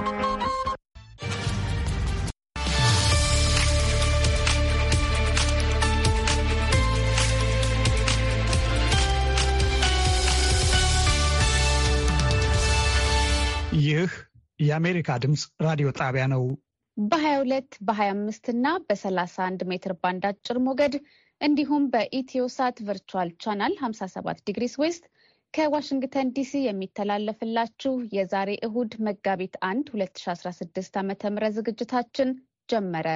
ይህ የአሜሪካ ድምፅ ራዲዮ ጣቢያ ነው። በ22 በ25 እና በ31 ሜትር ባንድ አጭር ሞገድ እንዲሁም በኢትዮ ሳት ቨርቹዋል ቻናል 57 ዲግሪስ ዌስት ከዋሽንግተን ዲሲ የሚተላለፍላችሁ የዛሬ እሁድ መጋቢት አንድ 2016 ዓ ም ዝግጅታችን ጀመረ።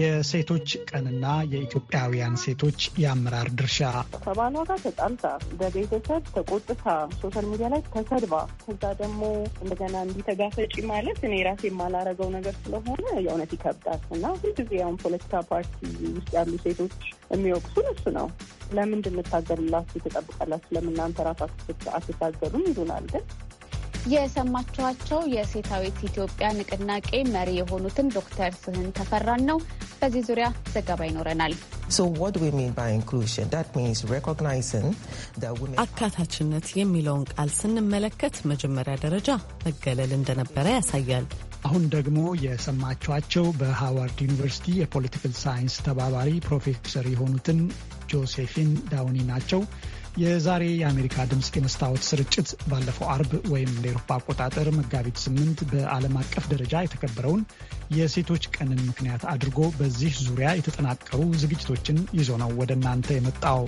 የሴቶች ቀንና የኢትዮጵያውያን ሴቶች የአመራር ድርሻ ከባሏ ጋር ተጣልታ በቤተሰብ ተቆጥታ ሶሻል ሚዲያ ላይ ተሰድባ ከዛ ደግሞ እንደገና እንዲተጋፈጪ ማለት እኔ ራሴ የማላረገው ነገር ስለሆነ የእውነት ይከብዳል እና ሁልጊዜ ያሁን ፖለቲካ ፓርቲ ውስጥ ያሉ ሴቶች የሚወቅሱን እሱ ነው። ለምን እንድንታገልላችሁ ትጠብቃላችሁ? ለምን እናንተ ራሳችሁ አትታገሉም? ይሉናል ግን የሰማችኋቸው የሴታዊት ኢትዮጵያ ንቅናቄ መሪ የሆኑትን ዶክተር ስህን ተፈራን ነው። በዚህ ዙሪያ ዘገባ ይኖረናል። አካታችነት የሚለውን ቃል ስንመለከት መጀመሪያ ደረጃ መገለል እንደነበረ ያሳያል። አሁን ደግሞ የሰማችኋቸው በሃዋርድ ዩኒቨርሲቲ የፖለቲካል ሳይንስ ተባባሪ ፕሮፌሰር የሆኑትን ጆሴፊን ዳውኒ ናቸው። የዛሬ የአሜሪካ ድምፅ የመስታወት ስርጭት ባለፈው አርብ ወይም ለኤሮፓ አቆጣጠር መጋቢት ስምንት በዓለም አቀፍ ደረጃ የተከበረውን የሴቶች ቀንን ምክንያት አድርጎ በዚህ ዙሪያ የተጠናቀሩ ዝግጅቶችን ይዞ ነው ወደ እናንተ የመጣው።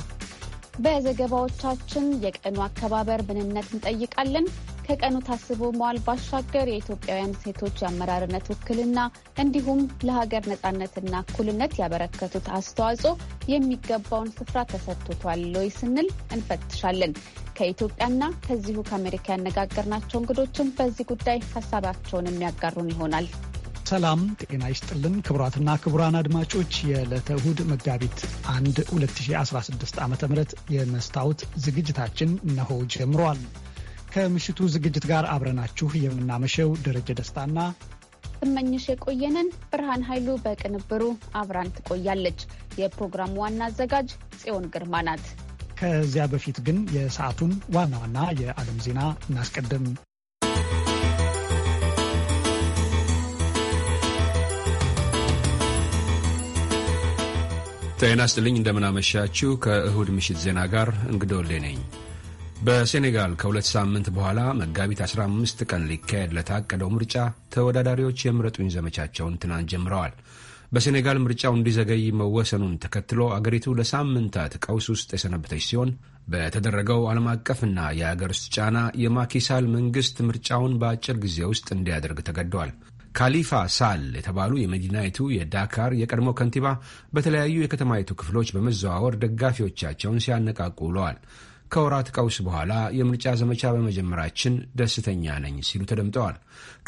በዘገባዎቻችን የቀኑ አከባበር ምንነት እንጠይቃለን። ከቀኑ ታስቦ መዋል ባሻገር የኢትዮጵያውያን ሴቶች የአመራርነት ውክልና እንዲሁም ለሀገር ነጻነትና እኩልነት ያበረከቱት አስተዋጽኦ የሚገባውን ስፍራ ተሰጥቶቷል ወይ ስንል እንፈትሻለን። ከኢትዮጵያና ከዚሁ ከአሜሪካ ያነጋገርናቸው እንግዶችም በዚህ ጉዳይ ሀሳባቸውን የሚያጋሩን ይሆናል። ሰላም ጤና ይስጥልን ክቡራትና ክቡራን አድማጮች የዕለተ እሁድ መጋቢት 1 2016 ዓ ም የመስታወት ዝግጅታችን እነሆ ጀምሯል። ከምሽቱ ዝግጅት ጋር አብረናችሁ የምናመሸው ደረጀ ደስታና ስመኝሽ የቆየንን ብርሃን ኃይሉ በቅንብሩ አብራን ትቆያለች። የፕሮግራሙ ዋና አዘጋጅ ጽዮን ግርማ ናት። ከዚያ በፊት ግን የሰዓቱን ዋና ዋና የዓለም ዜና እናስቀድም። ጤና ይስጥልኝ፣ እንደምናመሻችሁ። ከእሁድ ምሽት ዜና ጋር እንግዳ ነኝ። በሴኔጋል ከሁለት ሳምንት በኋላ መጋቢት 15 ቀን ሊካሄድ ለታቀደው ምርጫ ተወዳዳሪዎች የምረጡኝ ዘመቻቸውን ትናንት ጀምረዋል። በሴኔጋል ምርጫው እንዲዘገይ መወሰኑን ተከትሎ አገሪቱ ለሳምንታት ቀውስ ውስጥ የሰነበተች ሲሆን በተደረገው ዓለም አቀፍና የአገር ውስጥ ጫና የማኪሳል መንግሥት ምርጫውን በአጭር ጊዜ ውስጥ እንዲያደርግ ተገደዋል። ካሊፋ ሳል የተባሉ የመዲናይቱ የዳካር የቀድሞ ከንቲባ በተለያዩ የከተማይቱ ክፍሎች በመዘዋወር ደጋፊዎቻቸውን ሲያነቃቁ ውለዋል። ከወራት ቀውስ በኋላ የምርጫ ዘመቻ በመጀመራችን ደስተኛ ነኝ ሲሉ ተደምጠዋል።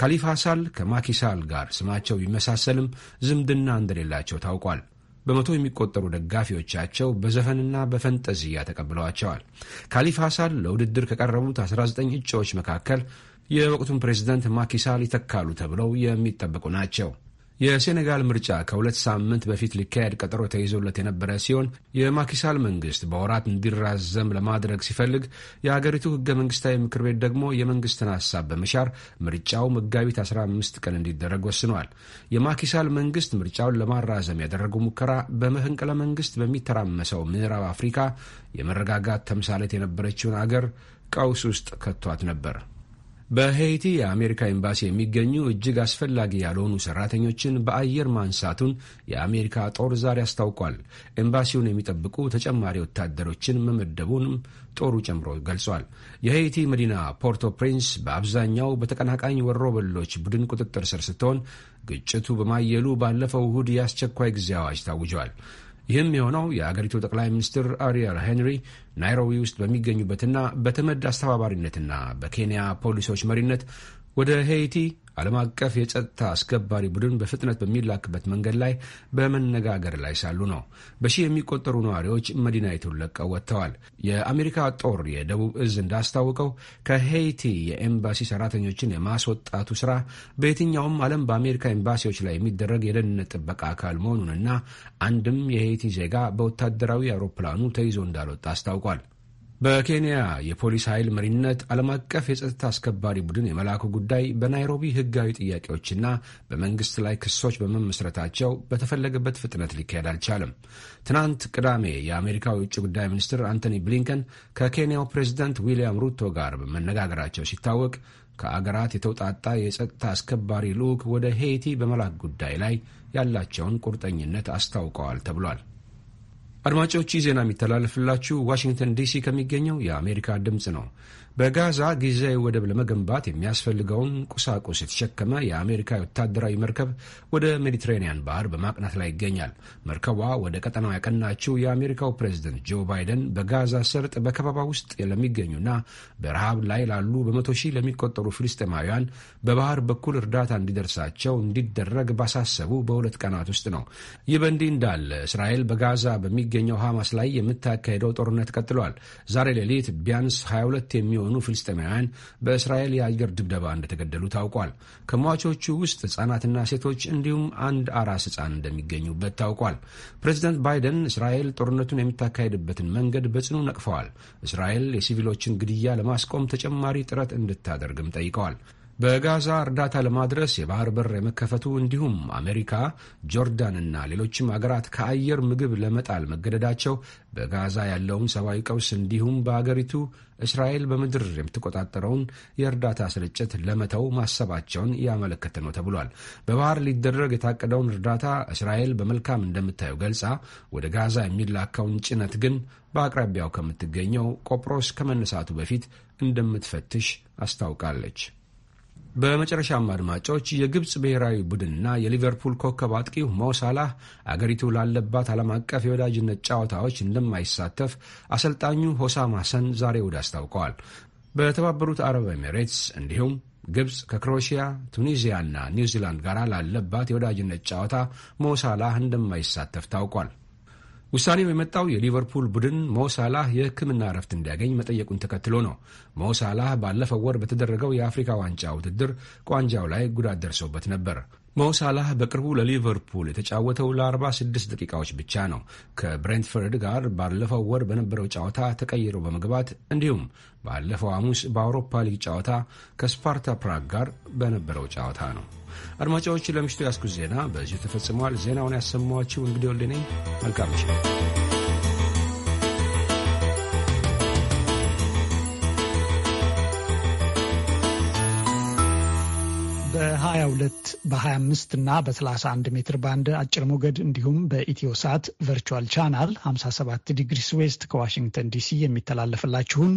ካሊፋ ሳል ከማኪሳል ጋር ስማቸው ቢመሳሰልም ዝምድና እንደሌላቸው ታውቋል። በመቶ የሚቆጠሩ ደጋፊዎቻቸው በዘፈንና በፈንጠዝያ ተቀብለዋቸዋል። ካሊፋ ሳል ለውድድር ከቀረቡት 19 እጩዎች መካከል የወቅቱን ፕሬዝዳንት ማኪሳል ይተካሉ ተብለው የሚጠበቁ ናቸው። የሴኔጋል ምርጫ ከሁለት ሳምንት በፊት ሊካሄድ ቀጠሮ ተይዞለት የነበረ ሲሆን የማኪሳል መንግስት በወራት እንዲራዘም ለማድረግ ሲፈልግ የአገሪቱ ህገ መንግስታዊ ምክር ቤት ደግሞ የመንግስትን ሀሳብ በመሻር ምርጫው መጋቢት 15 ቀን እንዲደረግ ወስኗል። የማኪሳል መንግስት ምርጫውን ለማራዘም ያደረገው ሙከራ በመፈንቅለ መንግስት በሚተራመሰው ምዕራብ አፍሪካ የመረጋጋት ተምሳሌት የነበረችውን አገር ቀውስ ውስጥ ከቷት ነበር። በሄይቲ የአሜሪካ ኤምባሲ የሚገኙ እጅግ አስፈላጊ ያልሆኑ ሰራተኞችን በአየር ማንሳቱን የአሜሪካ ጦር ዛሬ አስታውቋል። ኤምባሲውን የሚጠብቁ ተጨማሪ ወታደሮችን መመደቡንም ጦሩ ጨምሮ ገልጿል። የሄይቲ መዲና ፖርቶ ፕሪንስ በአብዛኛው በተቀናቃኝ ወሮበሎች ቡድን ቁጥጥር ስር ስትሆን ግጭቱ በማየሉ ባለፈው እሁድ የአስቸኳይ ጊዜ አዋጅ ታውጇል። ይህም የሆነው የአገሪቱ ጠቅላይ ሚኒስትር አሪያል ሄንሪ ናይሮቢ ውስጥ በሚገኙበትና በተመድ አስተባባሪነትና በኬንያ ፖሊሶች መሪነት ወደ ሄይቲ ዓለም አቀፍ የጸጥታ አስከባሪ ቡድን በፍጥነት በሚላክበት መንገድ ላይ በመነጋገር ላይ ሳሉ ነው በሺህ የሚቆጠሩ ነዋሪዎች መዲናይቱን ለቀው ወጥተዋል። የአሜሪካ ጦር የደቡብ እዝ እንዳስታወቀው ከሄይቲ የኤምባሲ ሰራተኞችን የማስወጣቱ ስራ በየትኛውም ዓለም በአሜሪካ ኤምባሲዎች ላይ የሚደረግ የደህንነት ጥበቃ አካል መሆኑንና አንድም የሄይቲ ዜጋ በወታደራዊ አውሮፕላኑ ተይዞ እንዳልወጣ አስታውቋል። በኬንያ የፖሊስ ኃይል መሪነት ዓለም አቀፍ የጸጥታ አስከባሪ ቡድን የመላኩ ጉዳይ በናይሮቢ ሕጋዊ ጥያቄዎችና በመንግሥት ላይ ክሶች በመመስረታቸው በተፈለገበት ፍጥነት ሊካሄድ አልቻለም። ትናንት ቅዳሜ የአሜሪካው የውጭ ጉዳይ ሚኒስትር አንቶኒ ብሊንከን ከኬንያው ፕሬዚደንት ዊልያም ሩቶ ጋር በመነጋገራቸው ሲታወቅ ከአገራት የተውጣጣ የጸጥታ አስከባሪ ልዑክ ወደ ሄይቲ በመላክ ጉዳይ ላይ ያላቸውን ቁርጠኝነት አስታውቀዋል ተብሏል። አድማጮች ዜና የሚተላለፍላችሁ ዋሽንግተን ዲሲ ከሚገኘው የአሜሪካ ድምፅ ነው። በጋዛ ጊዜያዊ ወደብ ለመገንባት የሚያስፈልገውን ቁሳቁስ የተሸከመ የአሜሪካ ወታደራዊ መርከብ ወደ ሜዲትሬንያን ባህር በማቅናት ላይ ይገኛል። መርከቧ ወደ ቀጠናው ያቀናችው የአሜሪካው ፕሬዝደንት ጆ ባይደን በጋዛ ሰርጥ በከበባ ውስጥ ለሚገኙና በረሃብ ላይ ላሉ በመቶ ሺህ ለሚቆጠሩ ፍልስጤማውያን በባህር በኩል እርዳታ እንዲደርሳቸው እንዲደረግ ባሳሰቡ በሁለት ቀናት ውስጥ ነው። ይህ በእንዲህ እንዳለ እስራኤል በጋዛ በሚገኘው ሐማስ ላይ የምታካሄደው ጦርነት ቀጥሏል። ዛሬ ሌሊት ቢያንስ 22 የሚሆኑ የሆኑ ፍልስጤማውያን በእስራኤል የአየር ድብደባ እንደተገደሉ ታውቋል። ከሟቾቹ ውስጥ ሕጻናትና ሴቶች እንዲሁም አንድ አራስ ሕጻን እንደሚገኙበት ታውቋል። ፕሬዚደንት ባይደን እስራኤል ጦርነቱን የምታካሄድበትን መንገድ በጽኑ ነቅፈዋል። እስራኤል የሲቪሎችን ግድያ ለማስቆም ተጨማሪ ጥረት እንድታደርግም ጠይቀዋል። በጋዛ እርዳታ ለማድረስ የባህር በር የመከፈቱ እንዲሁም አሜሪካ፣ ጆርዳን እና ሌሎችም አገራት ከአየር ምግብ ለመጣል መገደዳቸው በጋዛ ያለውን ሰብአዊ ቀውስ እንዲሁም በአገሪቱ እስራኤል በምድር የምትቆጣጠረውን የእርዳታ ስርጭት ለመተው ማሰባቸውን እያመለከተ ነው ተብሏል። በባህር ሊደረግ የታቀደውን እርዳታ እስራኤል በመልካም እንደምታየው ገልጻ ወደ ጋዛ የሚላከውን ጭነት ግን በአቅራቢያው ከምትገኘው ቆጵሮስ ከመነሳቱ በፊት እንደምትፈትሽ አስታውቃለች። በመጨረሻም አድማጮች የግብፅ ብሔራዊ ቡድንና የሊቨርፑል ኮከብ አጥቂው ሞሳላህ አገሪቱ ላለባት ዓለም አቀፍ የወዳጅነት ጨዋታዎች እንደማይሳተፍ አሰልጣኙ ሆሳም ሐሰን ዛሬ እሁድ አስታውቀዋል። በተባበሩት አረብ ኤሜሬትስ እንዲሁም ግብፅ ከክሮኤሽያ፣ ቱኒዚያ ኒውዚላንድ ጋር ላለባት የወዳጅነት ጨዋታ ሞሳላህ እንደማይሳተፍ ታውቋል። ውሳኔው የመጣው የሊቨርፑል ቡድን ሞሳላህ የሕክምና እረፍት እንዲያገኝ መጠየቁን ተከትሎ ነው። ሞሳላህ ባለፈው ወር በተደረገው የአፍሪካ ዋንጫ ውድድር ቋንጃው ላይ ጉዳት ደርሶበት ነበር። መውሳላህ በቅርቡ ለሊቨርፑል የተጫወተው ለ46 ደቂቃዎች ብቻ ነው። ከብሬንትፈርድ ጋር ባለፈው ወር በነበረው ጨዋታ ተቀይሮ በመግባት እንዲሁም ባለፈው ሐሙስ በአውሮፓ ሊግ ጨዋታ ከስፓርታ ፕራግ ጋር በነበረው ጨዋታ ነው። አድማጫዎች ለምሽቱ ያስኩት ዜና በዚሁ ተፈጽሟል። ዜናውን ያሰማኋችሁ እንግዲህ ወልደኔ መልካም በ22 በ25 እና በ31 ሜትር ባንድ አጭር ሞገድ እንዲሁም በኢትዮ በኢትዮሳት ቨርቹዋል ቻናል 57 ዲግሪስ ዌስት ከዋሽንግተን ዲሲ የሚተላለፍላችሁን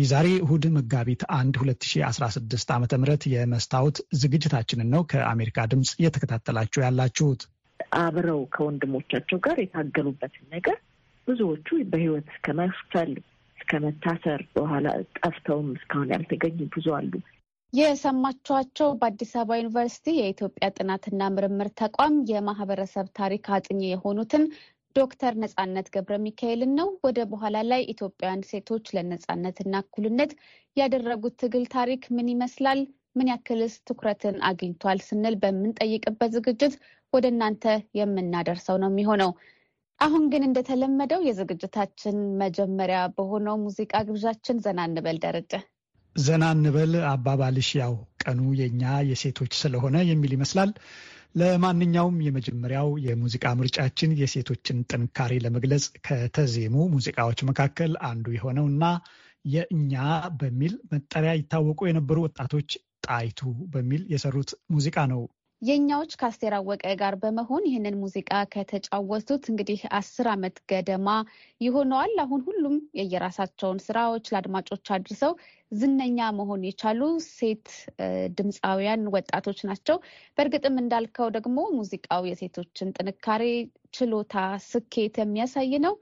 የዛሬ እሁድ መጋቢት 1 2016 ዓ ም የመስታወት ዝግጅታችንን ነው ከአሜሪካ ድምፅ እየተከታተላችሁ ያላችሁት። አብረው ከወንድሞቻቸው ጋር የታገሉበትን ነገር ብዙዎቹ በህይወት እስከ መክፈል እስከ መታሰር በኋላ ጠፍተውም እስካሁን ያልተገኙ ብዙ አሉ። የሰማችኋቸው በአዲስ አበባ ዩኒቨርሲቲ የኢትዮጵያ ጥናትና ምርምር ተቋም የማህበረሰብ ታሪክ አጥኚ የሆኑትን ዶክተር ነጻነት ገብረ ሚካኤልን ነው። ወደ በኋላ ላይ ኢትዮጵያውያን ሴቶች ለነጻነትና እኩልነት ያደረጉት ትግል ታሪክ ምን ይመስላል፣ ምን ያክልስ ትኩረትን አግኝቷል ስንል በምንጠይቅበት ዝግጅት ወደ እናንተ የምናደርሰው ነው የሚሆነው። አሁን ግን እንደተለመደው የዝግጅታችን መጀመሪያ በሆነው ሙዚቃ ግብዣችን ዘና እንበል ደረጀ። ዘና እንበል አባባልሽ ያው ቀኑ የእኛ የሴቶች ስለሆነ የሚል ይመስላል። ለማንኛውም የመጀመሪያው የሙዚቃ ምርጫችን የሴቶችን ጥንካሬ ለመግለጽ ከተዜሙ ሙዚቃዎች መካከል አንዱ የሆነው እና የእኛ በሚል መጠሪያ ይታወቁ የነበሩ ወጣቶች ጣይቱ በሚል የሰሩት ሙዚቃ ነው። የእኛዎች ከአስቴር አወቀ ጋር በመሆን ይህንን ሙዚቃ ከተጫወቱት እንግዲህ አስር ዓመት ገደማ ይሆነዋል። አሁን ሁሉም የየራሳቸውን ስራዎች ለአድማጮች አድርሰው ዝነኛ መሆን የቻሉ ሴት ድምፃውያን ወጣቶች ናቸው። በእርግጥም እንዳልከው ደግሞ ሙዚቃው የሴቶችን ጥንካሬ፣ ችሎታ፣ ስኬት የሚያሳይ ነው።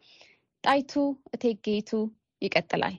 ጣይቱ እቴጌይቱ ይቀጥላል።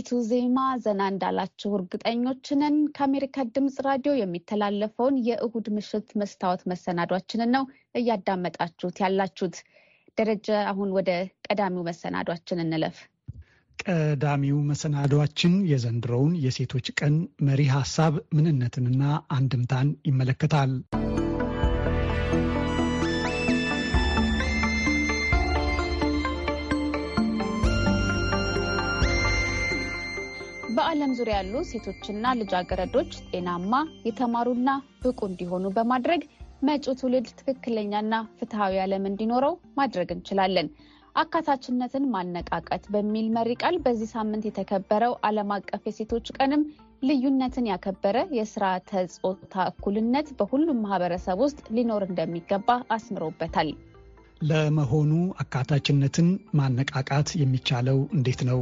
በጣይቱ ዜማ ዘና እንዳላችሁ እርግጠኞች ነን። ከአሜሪካ ድምፅ ራዲዮ የሚተላለፈውን የእሁድ ምሽት መስታወት መሰናዷችንን ነው እያዳመጣችሁት ያላችሁት። ደረጀ፣ አሁን ወደ ቀዳሚው መሰናዷችን እንለፍ። ቀዳሚው መሰናዷችን የዘንድሮውን የሴቶች ቀን መሪ ሀሳብ ምንነትንና አንድምታን ይመለከታል። በዓለም ዙሪያ ያሉ ሴቶችና ልጃገረዶች ጤናማ የተማሩና ብቁ እንዲሆኑ በማድረግ መጪው ትውልድ ትክክለኛና ፍትሐዊ ዓለም እንዲኖረው ማድረግ እንችላለን። አካታችነትን ማነቃቀት በሚል መሪ ቃል በዚህ ሳምንት የተከበረው ዓለም አቀፍ የሴቶች ቀንም ልዩነትን ያከበረ የስራ ተጾታ እኩልነት በሁሉም ማህበረሰብ ውስጥ ሊኖር እንደሚገባ አስምሮበታል። ለመሆኑ አካታችነትን ማነቃቃት የሚቻለው እንዴት ነው?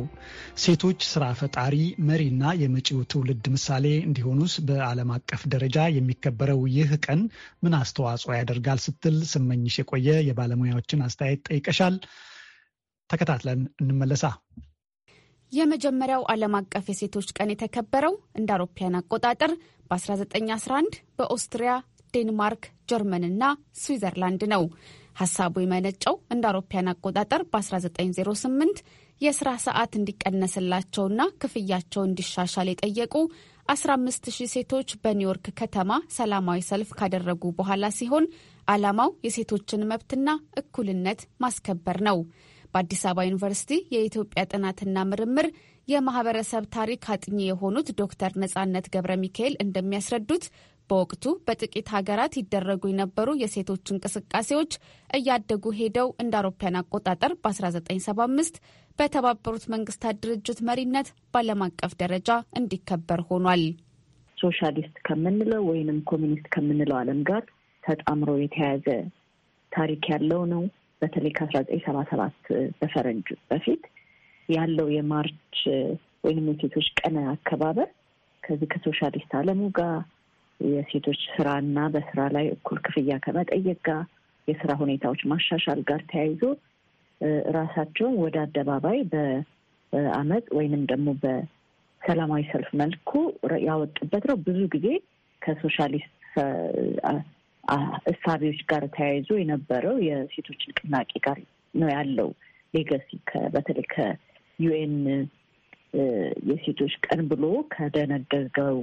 ሴቶች ስራ ፈጣሪ መሪና የመጪው ትውልድ ምሳሌ እንዲሆኑስ በዓለም አቀፍ ደረጃ የሚከበረው ይህ ቀን ምን አስተዋጽኦ ያደርጋል ስትል ስመኝሽ የቆየ የባለሙያዎችን አስተያየት ጠይቀሻል። ተከታትለን እንመለሳ። የመጀመሪያው ዓለም አቀፍ የሴቶች ቀን የተከበረው እንደ አውሮፓያን አቆጣጠር በ1911 በኦስትሪያ ዴንማርክ፣ ጀርመንና ስዊዘርላንድ ነው። ሀሳቡ የመነጨው እንደ አውሮፓያን አቆጣጠር በ1908 የስራ ሰዓት እንዲቀነስላቸውና ክፍያቸው እንዲሻሻል የጠየቁ 15000 ሴቶች በኒውዮርክ ከተማ ሰላማዊ ሰልፍ ካደረጉ በኋላ ሲሆን ዓላማው የሴቶችን መብትና እኩልነት ማስከበር ነው። በአዲስ አበባ ዩኒቨርሲቲ የኢትዮጵያ ጥናትና ምርምር የማህበረሰብ ታሪክ አጥኚ የሆኑት ዶክተር ነጻነት ገብረ ሚካኤል እንደሚያስረዱት በወቅቱ በጥቂት ሀገራት ይደረጉ የነበሩ የሴቶች እንቅስቃሴዎች እያደጉ ሄደው እንደ አውሮፓያን አቆጣጠር በ1975 በተባበሩት መንግስታት ድርጅት መሪነት በዓለም አቀፍ ደረጃ እንዲከበር ሆኗል። ሶሻሊስት ከምንለው ወይንም ኮሚኒስት ከምንለው ዓለም ጋር ተጣምሮ የተያያዘ ታሪክ ያለው ነው። በተለይ ከ 1977 ሰባ በፈረንጅ በፊት ያለው የማርች ወይንም የሴቶች ቀን አከባበር ከዚህ ከሶሻሊስት ዓለሙ ጋር የሴቶች ስራና በስራ ላይ እኩል ክፍያ ከመጠየቅ ጋር የስራ ሁኔታዎች ማሻሻል ጋር ተያይዞ ራሳቸውን ወደ አደባባይ በአመፅ ወይንም ደግሞ በሰላማዊ ሰልፍ መልኩ ያወጡበት ነው። ብዙ ጊዜ ከሶሻሊስት እሳቤዎች ጋር ተያይዞ የነበረው የሴቶች ንቅናቄ ጋር ነው ያለው ሌገሲ በተለይ ከዩኤን የሴቶች ቀን ብሎ ከደነገገው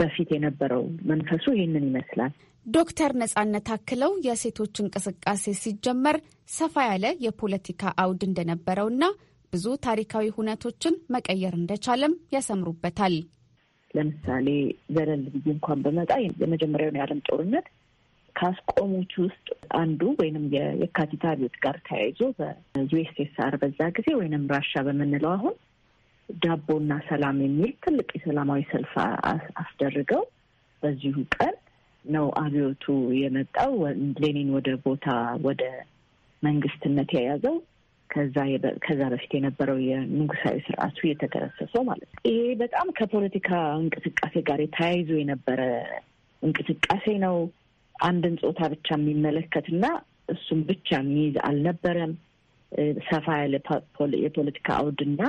በፊት የነበረው መንፈሱ ይህንን ይመስላል። ዶክተር ነጻነት አክለው የሴቶች እንቅስቃሴ ሲጀመር ሰፋ ያለ የፖለቲካ አውድ እንደነበረው ና ብዙ ታሪካዊ ሁነቶችን መቀየር እንደቻለም ያሰምሩበታል። ለምሳሌ ዘለል ብዬ እንኳን በመጣ የመጀመሪያውን የዓለም ጦርነት ካስቆሙት ውስጥ አንዱ ወይንም የካቲት አብዮት ጋር ተያይዞ በዩኤስኤስአር በዛ ጊዜ ወይንም ራሻ በምንለው አሁን ዳቦና ሰላም የሚል ትልቅ የሰላማዊ ሰልፍ አስደርገው በዚሁ ቀን ነው አብዮቱ የመጣው። ሌኒን ወደ ቦታ ወደ መንግስትነት የያዘው ከዛ በፊት የነበረው የንጉሳዊ ስርዓቱ የተገረሰሰው ማለት ነው። ይሄ በጣም ከፖለቲካ እንቅስቃሴ ጋር የተያይዞ የነበረ እንቅስቃሴ ነው። አንድን ጾታ ብቻ የሚመለከትና እሱም ብቻ የሚይዝ አልነበረም። ሰፋ ያለ የፖለቲካ አውድና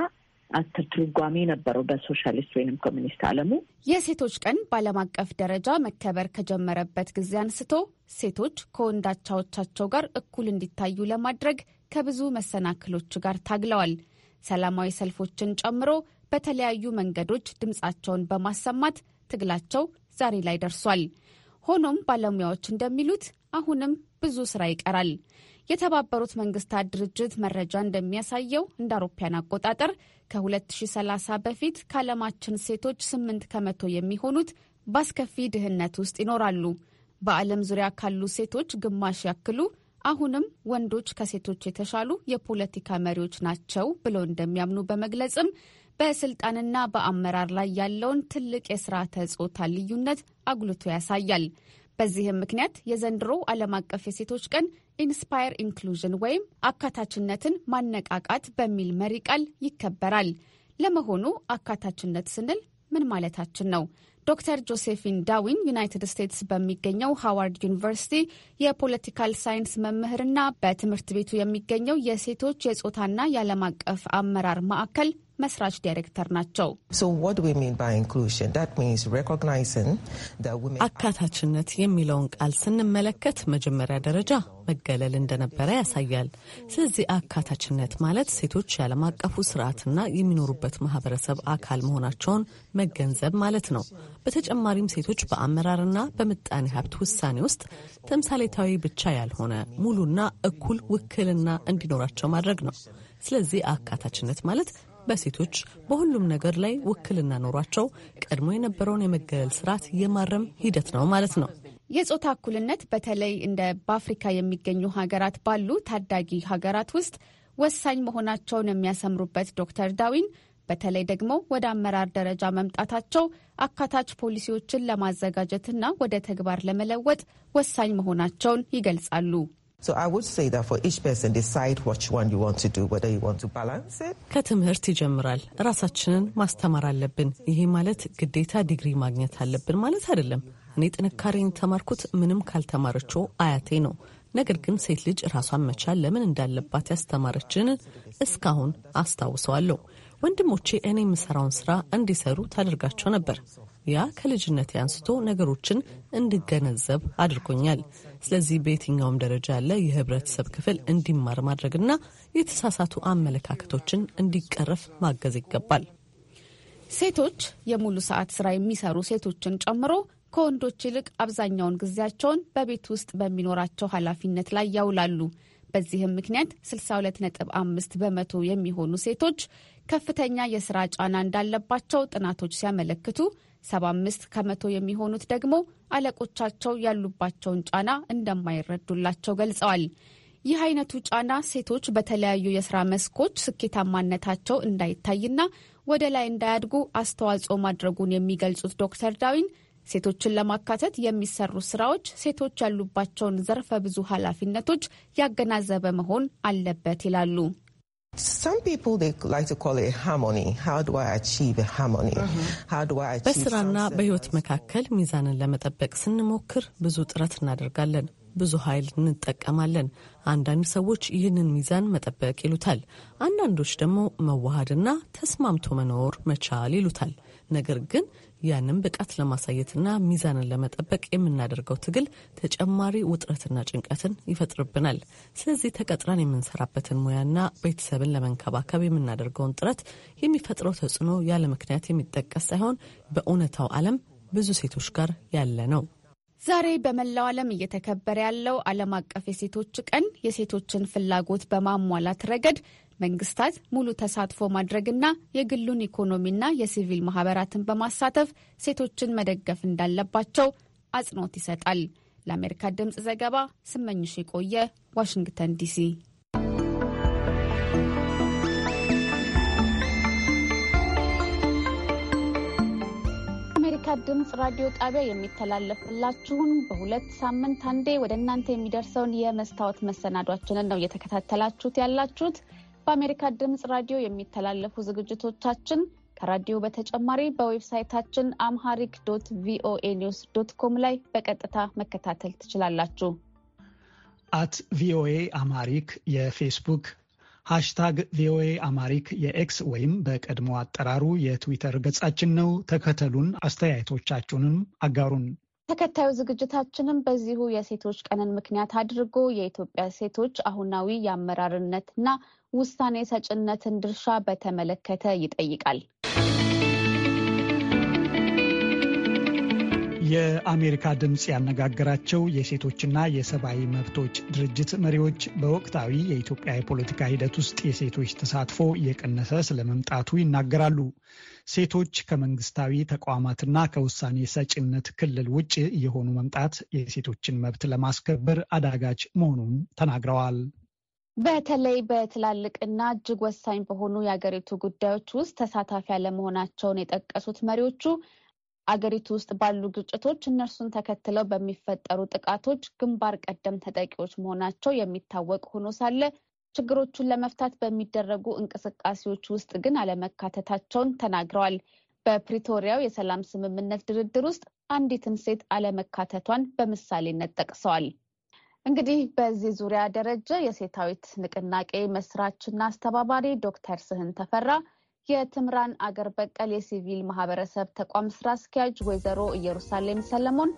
አስር ትርጓሜ ነበረው በሶሻሊስት ወይም ኮሚኒስት አለሙ። የሴቶች ቀን በዓለም አቀፍ ደረጃ መከበር ከጀመረበት ጊዜ አንስቶ ሴቶች ከወንዳቻዎቻቸው ጋር እኩል እንዲታዩ ለማድረግ ከብዙ መሰናክሎች ጋር ታግለዋል። ሰላማዊ ሰልፎችን ጨምሮ በተለያዩ መንገዶች ድምፃቸውን በማሰማት ትግላቸው ዛሬ ላይ ደርሷል። ሆኖም ባለሙያዎች እንደሚሉት አሁንም ብዙ ስራ ይቀራል። የተባበሩት መንግስታት ድርጅት መረጃ እንደሚያሳየው እንደ አውሮፓያን አቆጣጠር ከ2030 በፊት ከዓለማችን ሴቶች 8 ከመቶ የሚሆኑት በአስከፊ ድህነት ውስጥ ይኖራሉ። በዓለም ዙሪያ ካሉ ሴቶች ግማሽ ያክሉ አሁንም ወንዶች ከሴቶች የተሻሉ የፖለቲካ መሪዎች ናቸው ብለው እንደሚያምኑ በመግለጽም በስልጣንና በአመራር ላይ ያለውን ትልቅ የስርዓተ ጾታ ልዩነት አጉልቶ ያሳያል። በዚህም ምክንያት የዘንድሮ ዓለም አቀፍ የሴቶች ቀን ኢንስፓየር ኢንክሉዥን ወይም አካታችነትን ማነቃቃት በሚል መሪ ቃል ይከበራል። ለመሆኑ አካታችነት ስንል ምን ማለታችን ነው? ዶክተር ጆሴፊን ዳዊን ዩናይትድ ስቴትስ በሚገኘው ሃዋርድ ዩኒቨርሲቲ የፖለቲካል ሳይንስ መምህርና በትምህርት ቤቱ የሚገኘው የሴቶች የጾታና የዓለም አቀፍ አመራር ማዕከል መስራች ዳይሬክተር ናቸው። አካታችነት የሚለውን ቃል ስንመለከት መጀመሪያ ደረጃ መገለል እንደነበረ ያሳያል። ስለዚህ አካታችነት ማለት ሴቶች የዓለም አቀፉ ስርዓትና የሚኖሩበት ማህበረሰብ አካል መሆናቸውን መገንዘብ ማለት ነው። በተጨማሪም ሴቶች በአመራርና በምጣኔ ሀብት ውሳኔ ውስጥ ተምሳሌታዊ ብቻ ያልሆነ ሙሉና እኩል ውክልና እንዲኖራቸው ማድረግ ነው። ስለዚህ አካታችነት ማለት በሴቶች በሁሉም ነገር ላይ ውክልና ኖሯቸው ቀድሞ የነበረውን የመገለል ስርዓት የማረም ሂደት ነው ማለት ነው። የጾታ እኩልነት በተለይ እንደ በአፍሪካ የሚገኙ ሀገራት ባሉ ታዳጊ ሀገራት ውስጥ ወሳኝ መሆናቸውን የሚያሰምሩበት ዶክተር ዳዊን በተለይ ደግሞ ወደ አመራር ደረጃ መምጣታቸው አካታች ፖሊሲዎችን ለማዘጋጀትና ወደ ተግባር ለመለወጥ ወሳኝ መሆናቸውን ይገልጻሉ። ከትምህርት ይጀምራል። ራሳችንን ማስተማር አለብን። ይሄ ማለት ግዴታ ዲግሪ ማግኘት አለብን ማለት አይደለም። እኔ ጥንካሬን ተማርኩት ምንም ካልተማረችው አያቴ ነው። ነገር ግን ሴት ልጅ ራሷን መቻል ለምን እንዳለባት ያስተማረችን እስካሁን አስታውሰዋለሁ። ወንድሞቼ እኔ የምሰራውን ስራ እንዲሰሩ ታደርጋቸው ነበር። ያ ከልጅነት አንስቶ ነገሮችን እንድገነዘብ አድርጎኛል። ስለዚህ በየትኛውም ደረጃ ያለ የህብረተሰብ ክፍል እንዲማር ማድረግና የተሳሳቱ አመለካከቶችን እንዲቀረፍ ማገዝ ይገባል። ሴቶች የሙሉ ሰዓት ስራ የሚሰሩ ሴቶችን ጨምሮ ከወንዶች ይልቅ አብዛኛውን ጊዜያቸውን በቤት ውስጥ በሚኖራቸው ኃላፊነት ላይ ያውላሉ። በዚህም ምክንያት 62.5 በመቶ የሚሆኑ ሴቶች ከፍተኛ የስራ ጫና እንዳለባቸው ጥናቶች ሲያመለክቱ 75 ከመቶ የሚሆኑት ደግሞ አለቆቻቸው ያሉባቸውን ጫና እንደማይረዱላቸው ገልጸዋል። ይህ አይነቱ ጫና ሴቶች በተለያዩ የስራ መስኮች ስኬታማነታቸው እንዳይታይና ወደ ላይ እንዳያድጉ አስተዋጽኦ ማድረጉን የሚገልጹት ዶክተር ዳዊን ሴቶችን ለማካተት የሚሰሩ ስራዎች ሴቶች ያሉባቸውን ዘርፈ ብዙ ኃላፊነቶች ያገናዘበ መሆን አለበት ይላሉ። Mm-hmm. በስራና በህይወት መካከል ሚዛንን ለመጠበቅ ስንሞክር ብዙ ጥረት እናደርጋለን። ብዙ ኃይል እንጠቀማለን። አንዳንድ ሰዎች ይህንን ሚዛን መጠበቅ ይሉታል። አንዳንዶች ደግሞ መዋሃድና ተስማምቶ መኖር መቻል ይሉታል። ነገር ግን ያንን ብቃት ለማሳየትና ሚዛንን ለመጠበቅ የምናደርገው ትግል ተጨማሪ ውጥረትና ጭንቀትን ይፈጥርብናል። ስለዚህ ተቀጥረን የምንሰራበትን ሙያና ቤተሰብን ለመንከባከብ የምናደርገውን ጥረት የሚፈጥረው ተጽዕኖ ያለ ምክንያት የሚጠቀስ ሳይሆን በእውነታው ዓለም ብዙ ሴቶች ጋር ያለ ነው። ዛሬ በመላው ዓለም እየተከበረ ያለው ዓለም አቀፍ የሴቶች ቀን የሴቶችን ፍላጎት በማሟላት ረገድ መንግስታት ሙሉ ተሳትፎ ማድረግና የግሉን ኢኮኖሚና የሲቪል ማህበራትን በማሳተፍ ሴቶችን መደገፍ እንዳለባቸው አጽንኦት ይሰጣል። ለአሜሪካ ድምፅ ዘገባ ስመኝሽ የቆየ ዋሽንግተን ዲሲ። የአሜሪካ ድምፅ ራዲዮ ጣቢያ የሚተላለፍላችሁን በሁለት ሳምንት አንዴ ወደ እናንተ የሚደርሰውን የመስታወት መሰናዷችንን ነው እየተከታተላችሁት ያላችሁት። በአሜሪካ ድምፅ ራዲዮ የሚተላለፉ ዝግጅቶቻችን ከራዲዮ በተጨማሪ በዌብሳይታችን አምሃሪክ ዶት ቪኦኤ ኒውስ ዶት ኮም ላይ በቀጥታ መከታተል ትችላላችሁ። አት ቪኦኤ አማሪክ የፌስቡክ ሃሽታግ ቪኦኤ አማሪክ የኤክስ ወይም በቀድሞ አጠራሩ የትዊተር ገጻችን ነው። ተከተሉን፣ አስተያየቶቻችሁንም አጋሩን። ተከታዩ ዝግጅታችንም በዚሁ የሴቶች ቀንን ምክንያት አድርጎ የኢትዮጵያ ሴቶች አሁናዊ የአመራርነትና ውሳኔ ሰጭነትን ድርሻ በተመለከተ ይጠይቃል። የአሜሪካ ድምፅ ያነጋገራቸው የሴቶችና የሰብአዊ መብቶች ድርጅት መሪዎች በወቅታዊ የኢትዮጵያ የፖለቲካ ሂደት ውስጥ የሴቶች ተሳትፎ እየቀነሰ ስለመምጣቱ ይናገራሉ። ሴቶች ከመንግስታዊ ተቋማትና ከውሳኔ ሰጭነት ክልል ውጭ የሆኑ መምጣት የሴቶችን መብት ለማስከበር አዳጋች መሆኑን ተናግረዋል። በተለይ በትላልቅና እጅግ ወሳኝ በሆኑ የአገሪቱ ጉዳዮች ውስጥ ተሳታፊ ያለመሆናቸውን የጠቀሱት መሪዎቹ አገሪቱ ውስጥ ባሉ ግጭቶች እነርሱን ተከትለው በሚፈጠሩ ጥቃቶች ግንባር ቀደም ተጠቂዎች መሆናቸው የሚታወቅ ሆኖ ሳለ ችግሮቹን ለመፍታት በሚደረጉ እንቅስቃሴዎች ውስጥ ግን አለመካተታቸውን ተናግረዋል። በፕሪቶሪያው የሰላም ስምምነት ድርድር ውስጥ አንዲትም ሴት አለመካተቷን በምሳሌነት ጠቅሰዋል። እንግዲህ በዚህ ዙሪያ ደረጀ የሴታዊት ንቅናቄ መስራችና አስተባባሪ ዶክተር ስህን ተፈራ፣ የትምራን አገር በቀል የሲቪል ማህበረሰብ ተቋም ስራ አስኪያጅ ወይዘሮ ኢየሩሳሌም ሰለሞን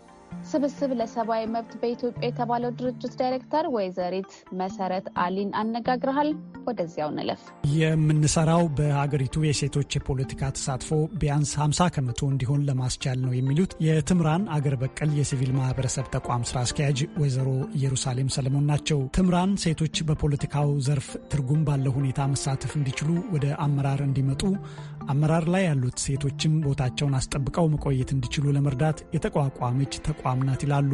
ስብስብ ለሰብአዊ መብት በኢትዮጵያ የተባለው ድርጅት ዳይሬክተር ወይዘሪት መሰረት አሊን አነጋግረሃል። ወደዚያው ንለፍ። የምንሰራው በሀገሪቱ የሴቶች የፖለቲካ ተሳትፎ ቢያንስ 50 ከመቶ እንዲሆን ለማስቻል ነው የሚሉት የትምራን አገር በቀል የሲቪል ማህበረሰብ ተቋም ስራ አስኪያጅ ወይዘሮ ኢየሩሳሌም ሰለሞን ናቸው። ትምራን ሴቶች በፖለቲካው ዘርፍ ትርጉም ባለው ሁኔታ መሳተፍ እንዲችሉ ወደ አመራር እንዲመጡ አመራር ላይ ያሉት ሴቶችም ቦታቸውን አስጠብቀው መቆየት እንዲችሉ ለመርዳት የተቋቋመች ተቋም ናት ይላሉ።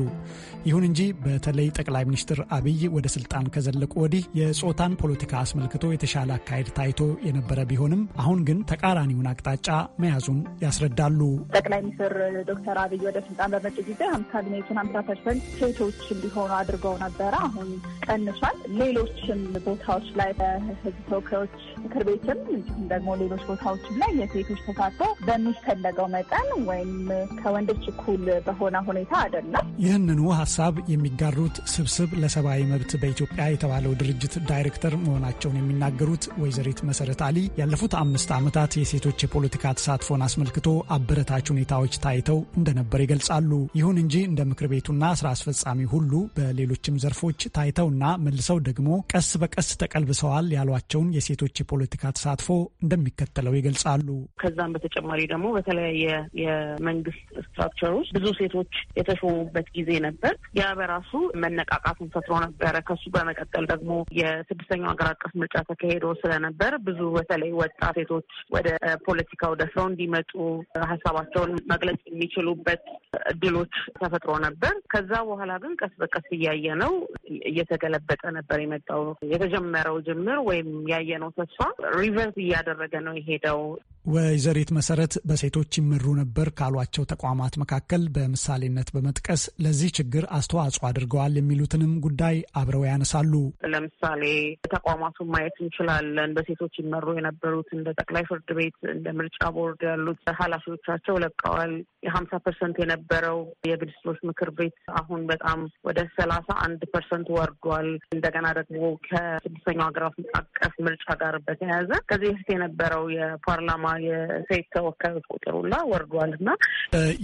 ይሁን እንጂ በተለይ ጠቅላይ ሚኒስትር አብይ ወደ ስልጣን ከዘለቁ ወዲህ የጾታን ፖለቲካ አስመልክቶ የተሻለ አካሄድ ታይቶ የነበረ ቢሆንም አሁን ግን ተቃራኒውን አቅጣጫ መያዙን ያስረዳሉ። ጠቅላይ ሚኒስትር ዶክተር አብይ ወደ ስልጣን በመጡ ጊዜ ካቢኔቱን ሀምሳ ፐርሰንት ሴቶች እንዲሆኑ አድርገው ነበረ። አሁን ቀንሷል። ሌሎችም ቦታዎች ላይ በህዝብ ተወካዮች ምክር ቤትም እንዲሁም ደግሞ ሌሎች ቦታዎችም ላይ የሴቶች ተሳትፎ በሚፈለገው መጠን ወይም ከወንዶች እኩል በሆነ ሁኔታ አይደለም። ይህንኑ ሀሳብ የሚጋሩት ስብስብ ለሰብአዊ መብት በኢትዮጵያ የተባለው ድርጅት ዳይሬክተር መሆናቸውን የሚናገሩት ወይዘሪት መሰረት አሊ ያለፉት አምስት ዓመታት የሴቶች የፖለቲካ ተሳትፎን አስመልክቶ አበረታች ሁኔታዎች ታይተው እንደነበር ይገልጻሉ። ይሁን እንጂ እንደ ምክር ቤቱና ስራ አስፈጻሚ ሁሉ በሌሎችም ዘርፎች ታይተውና መልሰው ደግሞ ቀስ በቀስ ተቀልብሰዋል ያሏቸውን የሴቶች የፖለቲካ ተሳትፎ እንደሚከተለው ይገልጻሉ። ከዛም በተጨማሪ ደግሞ በተለያየ የመንግስት ስትራክቸር ውስጥ ብዙ ሴቶች የተሾሙበት ጊዜ ነበር። ያ በራሱ መነቃቃትን ፈጥሮ ነበረ። ከሱ በመቀጠል ደግሞ የስድስተኛው ሀገር አቀፍ ምርጫ ተካሄዶ ስለነበር ብዙ በተለይ ወጣት ሴቶች ወደ ፖለቲካው ደፍረው እንዲመጡ ሀሳባቸውን መግለጽ የሚችሉበት እድሎች ተፈጥሮ ነበር። ከዛ በኋላ ግን ቀስ በቀስ እያየ ነው እየተገለበጠ ነበር የመጣው የተጀመረው ጅምር ወይም ያየነው ተስፋ ሪቨርስ እያደረገ ነው የሄደው። ወይዘሪት መሰረት በሴቶች ይመሩ ነበር ካሏቸው ተቋማት መካከል በምሳሌነት በመጥቀስ ለዚህ ችግር አስተዋጽኦ አድርገዋል የሚሉትንም ጉዳይ አብረው ያነሳሉ። ለምሳሌ ተቋማቱን ማየት እንችላለን። በሴቶች ይመሩ የነበሩት እንደ ጠቅላይ ፍርድ ቤት፣ እንደ ምርጫ ቦርድ ያሉት ኃላፊዎቻቸው ለቀዋል። የሀምሳ ፐርሰንት የነበረው የሚኒስትሮች ምክር ቤት አሁን በጣም ወደ ሰላሳ አንድ ፐርሰንት ወርዷል። እንደገና ደግሞ ከስድስተኛው ሀገር አቀፍ ምርጫ ጋር በተያያዘ ከዚህ በፊት የነበረው የፓርላማ የሴት ተወካዮች ቁጥር ሁላ ወርዷል እና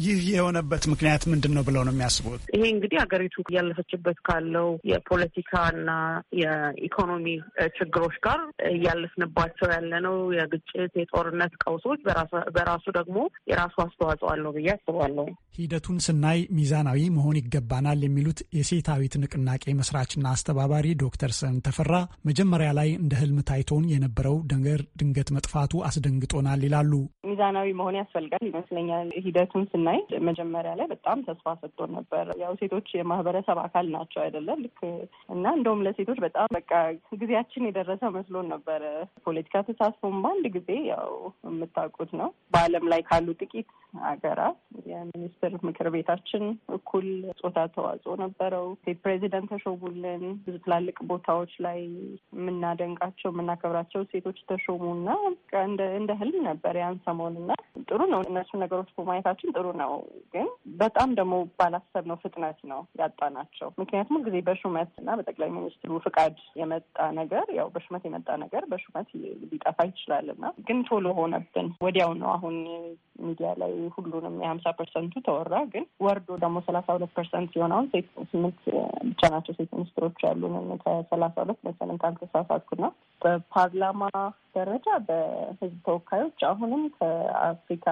ይህ የሆነበት ምክንያት ምንድን ነው ብለው ነው የሚያስቡት? ይሄ እንግዲህ ሀገሪቱ እያለፈችበት ካለው የፖለቲካና የኢኮኖሚ ችግሮች ጋር እያለፍንባቸው ያለነው የግጭት የጦርነት ቀውሶች በራሱ ደግሞ የራሱ አስተዋጽኦ አለው ብዬ አስባለሁ። ሂደቱን ስናይ ሚዛናዊ መሆን ይገባናል የሚሉት የሴታዊት ንቅናቄ መስራችና አስተባባሪ ዶክተር ሰን ተፈራ መጀመሪያ ላይ እንደ ህልም ታይቶን የነበረው ደንገር ድንገት መጥፋቱ አስደንግጦናል ይገባል ይላሉ። ሚዛናዊ መሆን ያስፈልጋል ይመስለኛል። ሂደቱን ስናይ መጀመሪያ ላይ በጣም ተስፋ ሰጥቶን ነበር። ያው ሴቶች የማህበረሰብ አካል ናቸው አይደለም ልክ እና እንደውም ለሴቶች በጣም በቃ ጊዜያችን የደረሰ መስሎን ነበረ። ፖለቲካ ተሳትፎም በአንድ ጊዜ ያው የምታውቁት ነው። በዓለም ላይ ካሉ ጥቂት ሀገራት የሚኒስትር ምክር ቤታችን እኩል ጾታ ተዋጽኦ ነበረው። ሴት ፕሬዚደንት ተሾሙልን። ብዙ ትላልቅ ቦታዎች ላይ የምናደንቃቸው የምናከብራቸው ሴቶች ተሾሙና እንደ ህልም ነበር ያን ሰሞን እና ጥሩ ነው እነሱን ነገሮች በማየታችን ጥሩ ነው። ግን በጣም ደግሞ ባላሰብነው ፍጥነት ነው ያጣናቸው። ምክንያቱም ጊዜ በሹመት እና በጠቅላይ ሚኒስትሩ ፍቃድ የመጣ ነገር ያው በሹመት የመጣ ነገር በሹመት ሊጠፋ ይችላል እና ግን ቶሎ ሆነብን ወዲያው ነው። አሁን ሚዲያ ላይ ሁሉንም የሀምሳ ፐርሰንቱ ተወራ፣ ግን ወርዶ ደግሞ ሰላሳ ሁለት ፐርሰንት የሆነውን ሴት ስምንት ብቻ ናቸው ሴት ሚኒስትሮች ያሉን ከሰላሳ ሁለት መሰለኝ ካልተሳሳትኩ ነው በፓርላማ ደረጃ በህዝብ ተወካዮች ውጭ አሁንም ከአፍሪካ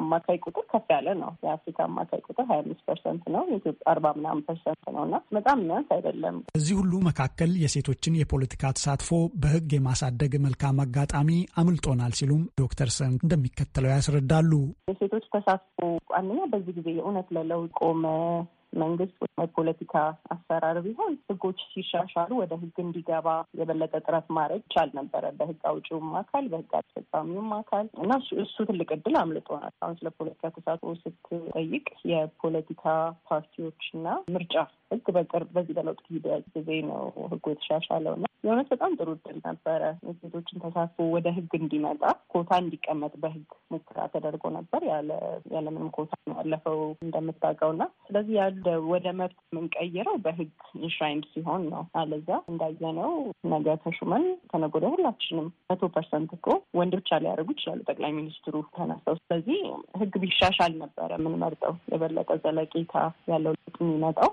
አማካይ ቁጥር ከፍ ያለ ነው። የአፍሪካ አማካይ ቁጥር ሀያ አምስት ፐርሰንት ነው። የኢትዮጵያ አርባ ምናምን ፐርሰንት ነው እና በጣም ሚያንስ አይደለም። እዚህ ሁሉ መካከል የሴቶችን የፖለቲካ ተሳትፎ በህግ የማሳደግ መልካም አጋጣሚ አምልጦናል ሲሉም ዶክተር ሰን እንደሚከተለው ያስረዳሉ። የሴቶች ተሳትፎ አንደኛ በዚህ ጊዜ የእውነት ለለውጥ ቆመ መንግስት ወይም የፖለቲካ አሰራር ቢሆን ህጎች ሲሻሻሉ ወደ ህግ እንዲገባ የበለጠ ጥረት ማድረግ ይቻል ነበረ በህግ አውጪውም አካል በህግ አስፈጻሚውም አካል እና እሱ ትልቅ እድል አምልጦናል። አሁን ስለ ፖለቲካ ተሳትፎ ስትጠይቅ የፖለቲካ ፓርቲዎችና ምርጫ ህግ በቅርብ በዚህ በለውጥ ሂደት ጊዜ ነው ህጉ የተሻሻለው እና የእውነት በጣም ጥሩ እድል ነበረ። የሴቶችን ተሳትፎ ወደ ህግ እንዲመጣ ኮታ እንዲቀመጥ በህግ ሙከራ ተደርጎ ነበር። ያለምንም ኮታ ነው ያለፈው እንደምታውቀው እና ስለዚህ ያሉ ወደ መብት የምንቀይረው በህግ ኢንሽራይንድ ሲሆን ነው። አለዛ እንዳየነው ነገ ተሹመን ተነጎደ ሁላችንም መቶ ፐርሰንት እኮ ወንዶች ብቻ ሊያደርጉ ይችላሉ ጠቅላይ ሚኒስትሩ ተነሳው። ስለዚህ ህግ ቢሻሻል ነበረ የምንመርጠው የበለጠ ዘለቄታ ያለው ለውጥ የሚመጣው።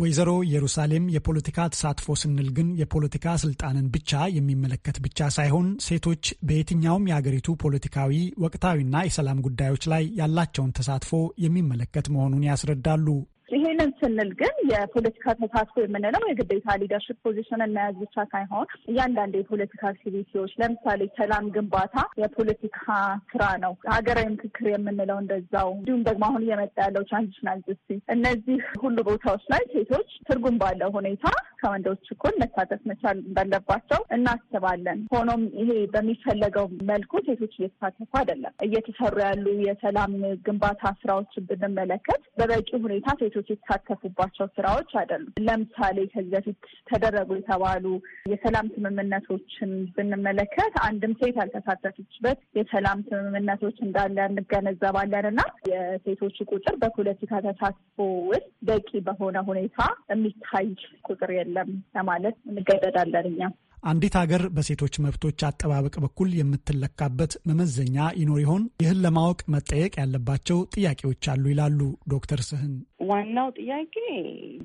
ወይዘሮ ኢየሩሳሌም የፖለቲካ ተሳትፎ ስንል ግን የፖለቲካ ስልጣንን ብቻ የሚመለከት ብቻ ሳይሆን ሴቶች በየትኛውም የአገሪቱ ፖለቲካዊ ወቅታዊና የሰላም ጉዳዮች ላይ ያላቸውን ተሳትፎ የሚመለከት መሆኑን ያስረዳሉ። ይሄንን ስንል ግን የፖለቲካ ተሳትፎ የምንለው የግዴታ ሊደርሽፕ ፖዚሽንን መያዝ ብቻ ሳይሆን እያንዳንዱ የፖለቲካ አክቲቪቲዎች ለምሳሌ ሰላም ግንባታ የፖለቲካ ስራ ነው። ሀገራዊ ምክክር የምንለው እንደዛው። እንዲሁም ደግሞ አሁን እየመጣ ያለው ትራንዚሽናል ጀስቲስ፣ እነዚህ ሁሉ ቦታዎች ላይ ሴቶች ትርጉም ባለው ሁኔታ ከወንዶች እኩል መሳተፍ መቻል እንዳለባቸው እናስባለን። ሆኖም ይሄ በሚፈለገው መልኩ ሴቶች እየተሳተፉ አይደለም። እየተሰሩ ያሉ የሰላም ግንባታ ስራዎች ብንመለከት በበቂ ሁኔታ ሴቶች የተሳተፉባቸው ስራዎች አይደሉም። ለምሳሌ ከዚህ በፊት ተደረጉ የተባሉ የሰላም ስምምነቶችን ብንመለከት አንድም ሴት ያልተሳተፈችበት የሰላም ስምምነቶች እንዳለ እንገነዘባለን እና የሴቶች ቁጥር በፖለቲካ ተሳትፎ ውስጥ በቂ በሆነ ሁኔታ የሚታይ ቁጥር የለም። አይደለም ለማለት እንገደዳለን እኛም። አንዲት ሀገር በሴቶች መብቶች አጠባበቅ በኩል የምትለካበት መመዘኛ ይኖር ይሆን? ይህን ለማወቅ መጠየቅ ያለባቸው ጥያቄዎች አሉ ይላሉ ዶክተር ስህን። ዋናው ጥያቄ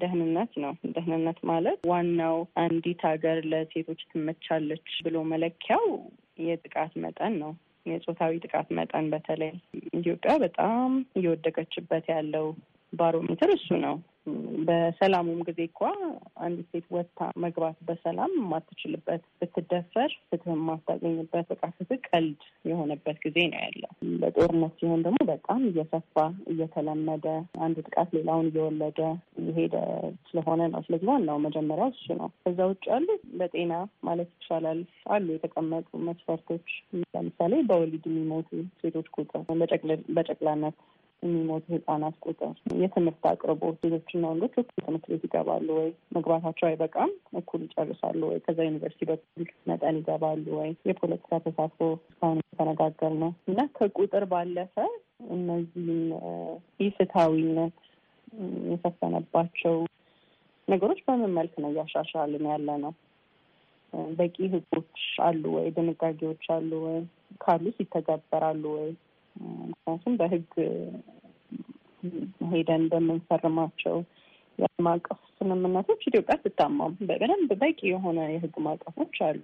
ደህንነት ነው። ደህንነት ማለት ዋናው አንዲት ሀገር ለሴቶች ትመቻለች ብሎ መለኪያው የጥቃት መጠን ነው። የጾታዊ ጥቃት መጠን በተለይ ኢትዮጵያ በጣም እየወደቀችበት ያለው ሜትር እሱ ነው። በሰላሙም ጊዜ እኳ አንድ ሴት ወጥታ መግባት በሰላም የማትችልበት ብትደፈር ፍትህ የማታገኝበት በቃ ፍትህ ቀልድ የሆነበት ጊዜ ነው ያለው። በጦርነት ሲሆን ደግሞ በጣም እየሰፋ እየተለመደ አንዱ ጥቃት ሌላውን እየወለደ እየሄደ ስለሆነ ነው። ስለዚህ ዋናው መጀመሪያ እሱ ነው። ከዛ ውጭ ያሉ በጤና ማለት ይቻላል አሉ የተቀመጡ መስፈርቶች። ለምሳሌ በወሊድ የሚሞቱ ሴቶች ቁጥር፣ በጨቅላነት የሚሞቱ ህጻናት ቁጥር፣ የትምህርት አቅርቦት፣ ልጆችና ወንዶች እኩል ትምህርት ቤት ይገባሉ ወይ? መግባታቸው አይበቃም? እኩል ይጨርሳሉ ወይ? ከዛ ዩኒቨርሲቲ በኩል መጠን ይገባሉ ወይ? የፖለቲካ ተሳትፎ እስካሁን የተነጋገር ነው እና ከቁጥር ባለፈ እነዚህም ኢፍትሐዊነት የሰፈነባቸው ነገሮች በምን መልክ ነው እያሻሻልን ያለ ነው? በቂ ህጎች አሉ ወይ? ድንጋጌዎች አሉ ወይ? ካሉስ ይተገበራሉ ወይ? ምክንያቱም በህግ ሄደን በምንፈርማቸው የዓለም አቀፍ ስምምነቶች ኢትዮጵያ ስታማም በደንብ በቂ የሆነ የህግ ማዕቀፎች አሉ።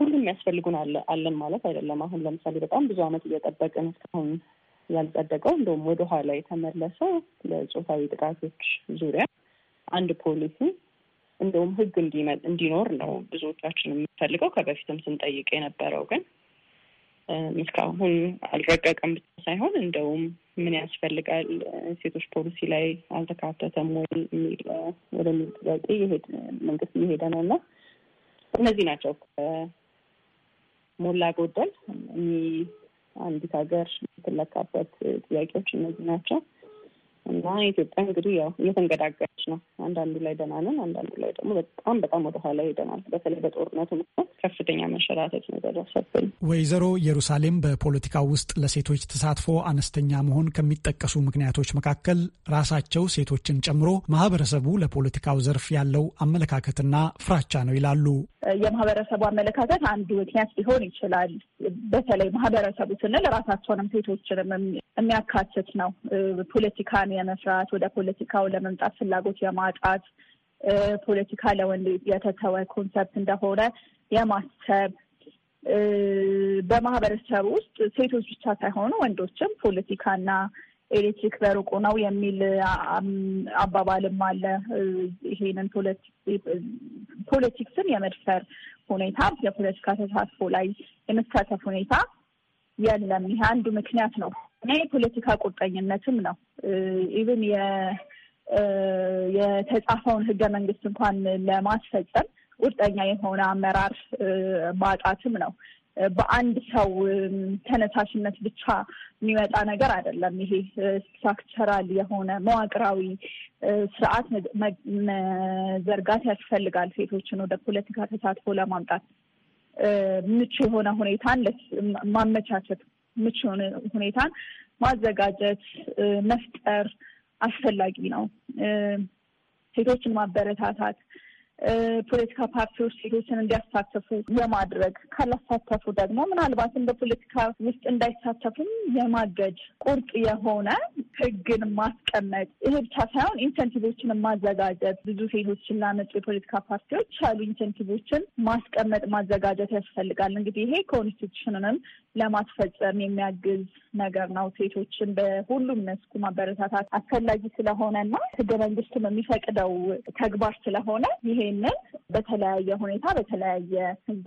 ሁሉም ያስፈልጉን አለን ማለት አይደለም። አሁን ለምሳሌ በጣም ብዙ አመት እየጠበቅን እስካሁን ያልጸደቀው እንደውም ወደኋላ የተመለሰው ለጾታዊ ጥቃቶች ዙሪያ አንድ ፖሊሲ እንደውም ህግ እንዲኖር ነው ብዙዎቻችን የምንፈልገው ከበፊትም ስንጠይቅ የነበረው ግን እስካሁን አልረቀቀም ብቻ ሳይሆን እንደውም ምን ያስፈልጋል ሴቶች ፖሊሲ ላይ አልተካተተም ወይ የሚል ወደሚል ጥያቄ መንግስት እየሄደ ነው እና እነዚህ ናቸው ሞላ ጎደል አንዲት ሀገር የምትለካበት ጥያቄዎች እነዚህ ናቸው። እና ኢትዮጵያ እንግዲህ ያው እየተንገዳገች ነው። አንዳንዱ ላይ ደህና ነን፣ አንዳንዱ ላይ ደግሞ በጣም በጣም ወደኋላ ሄደናል። በተለይ በጦርነቱ ምክንያት ከፍተኛ መሸራተት ነው የደረሰብን። ወይዘሮ ኢየሩሳሌም በፖለቲካ ውስጥ ለሴቶች ተሳትፎ አነስተኛ መሆን ከሚጠቀሱ ምክንያቶች መካከል ራሳቸው ሴቶችን ጨምሮ ማህበረሰቡ ለፖለቲካው ዘርፍ ያለው አመለካከትና ፍራቻ ነው ይላሉ። የማህበረሰቡ አመለካከት አንዱ ምክንያት ሊሆን ይችላል። በተለይ ማህበረሰቡ ስንል ራሳቸውንም ሴቶችንም የሚያካትት ነው። ፖለቲካን የመስራት ወደ ፖለቲካው ለመምጣት ፍላጎት የማጣት ፖለቲካ ለወንድ የተተወ ኮንሰፕት እንደሆነ የማሰብ በማህበረሰቡ ውስጥ ሴቶች ብቻ ሳይሆኑ ወንዶችም ፖለቲካና ኤሌክትሪክ በሩቁ ነው የሚል አባባልም አለ። ይሄንን ፖለቲክስን የመድፈር ሁኔታ የፖለቲካ ተሳትፎ ላይ የመሳተፍ ሁኔታ የለም። ይሄ አንዱ ምክንያት ነው እና የፖለቲካ ቁርጠኝነትም ነው። ኢብን የተጻፈውን ህገ መንግስት እንኳን ለማስፈጸም ቁርጠኛ የሆነ አመራር ማጣትም ነው። በአንድ ሰው ተነሳሽነት ብቻ የሚመጣ ነገር አይደለም። ይሄ ስትራክቸራል የሆነ መዋቅራዊ ስርዓት መዘርጋት ያስፈልጋል። ሴቶችን ወደ ፖለቲካ ተሳትፎ ለማምጣት ምቹ የሆነ ሁኔታን ማመቻቸት፣ ምቹ የሆነ ሁኔታን ማዘጋጀት፣ መፍጠር አስፈላጊ ነው። ሴቶችን ማበረታታት ፖለቲካ ፓርቲዎች ሴቶችን እንዲያሳተፉ የማድረግ ካላሳተፉ ደግሞ ምናልባትም በፖለቲካ ውስጥ እንዳይሳተፉም የማገድ ቁርጥ የሆነ ህግን ማስቀመጥ ይህ ብቻ ሳይሆን ኢንሴንቲቮችን ማዘጋጀት ብዙ ሴቶች ላመጡ የፖለቲካ ፓርቲዎች ያሉ ኢንሴንቲቮችን ማስቀመጥ ማዘጋጀት ያስፈልጋል። እንግዲህ ይሄ ኮንስቲቱሽንንም ለማስፈጸም የሚያግዝ ነገር ነው። ሴቶችን በሁሉም መስኩ ማበረታታት አስፈላጊ ስለሆነ እና ህገ መንግስቱም የሚፈቅደው ተግባር ስለሆነ ይሄ ይሄንን በተለያየ ሁኔታ በተለያየ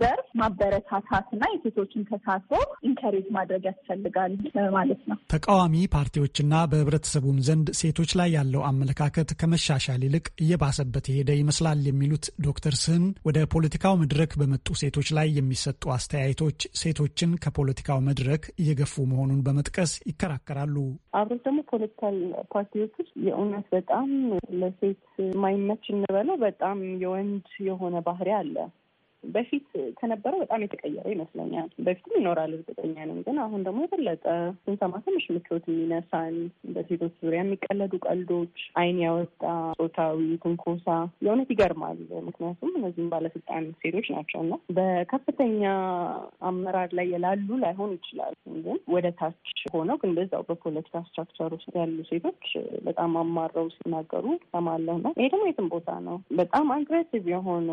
ዘርፍ ማበረታታት እና የሴቶችን ተሳትፎ ኢንከሬጅ ማድረግ ያስፈልጋል ማለት ነው። ተቃዋሚ ፓርቲዎችና በህብረተሰቡም ዘንድ ሴቶች ላይ ያለው አመለካከት ከመሻሻል ይልቅ እየባሰበት የሄደ ይመስላል የሚሉት ዶክተር ስህን ወደ ፖለቲካው መድረክ በመጡ ሴቶች ላይ የሚሰጡ አስተያየቶች ሴቶችን ከፖለቲካው መድረክ እየገፉ መሆኑን በመጥቀስ ይከራከራሉ። አብረት ደግሞ ፖለቲካል ፓርቲዎች ውስጥ የእውነት በጣም ለሴት ማይመች እንበለው በጣም የ የወንድ የሆነ ባህሪ አለ በፊት ከነበረው በጣም የተቀየረ ይመስለኛል። በፊትም ይኖራል እርግጠኛ ነኝ፣ ግን አሁን ደግሞ የበለጠ ስንሰማ ትንሽ ምቾት የሚነሳን በሴቶች ዙሪያ የሚቀለዱ ቀልዶች፣ አይን ያወጣ ጾታዊ ትንኮሳ የእውነት ይገርማል። ምክንያቱም እነዚህም ባለስልጣን ሴቶች ናቸው እና በከፍተኛ አመራር ላይ የላሉ ላይሆን ይችላል፣ ግን ወደ ታች ሆነው ግን በዛው በፖለቲካ ስትራክቸር ውስጥ ያሉ ሴቶች በጣም አማረው ሲናገሩ ሰማለሁ እና ይሄ ደግሞ የትም ቦታ ነው በጣም አግሬሲቭ የሆነ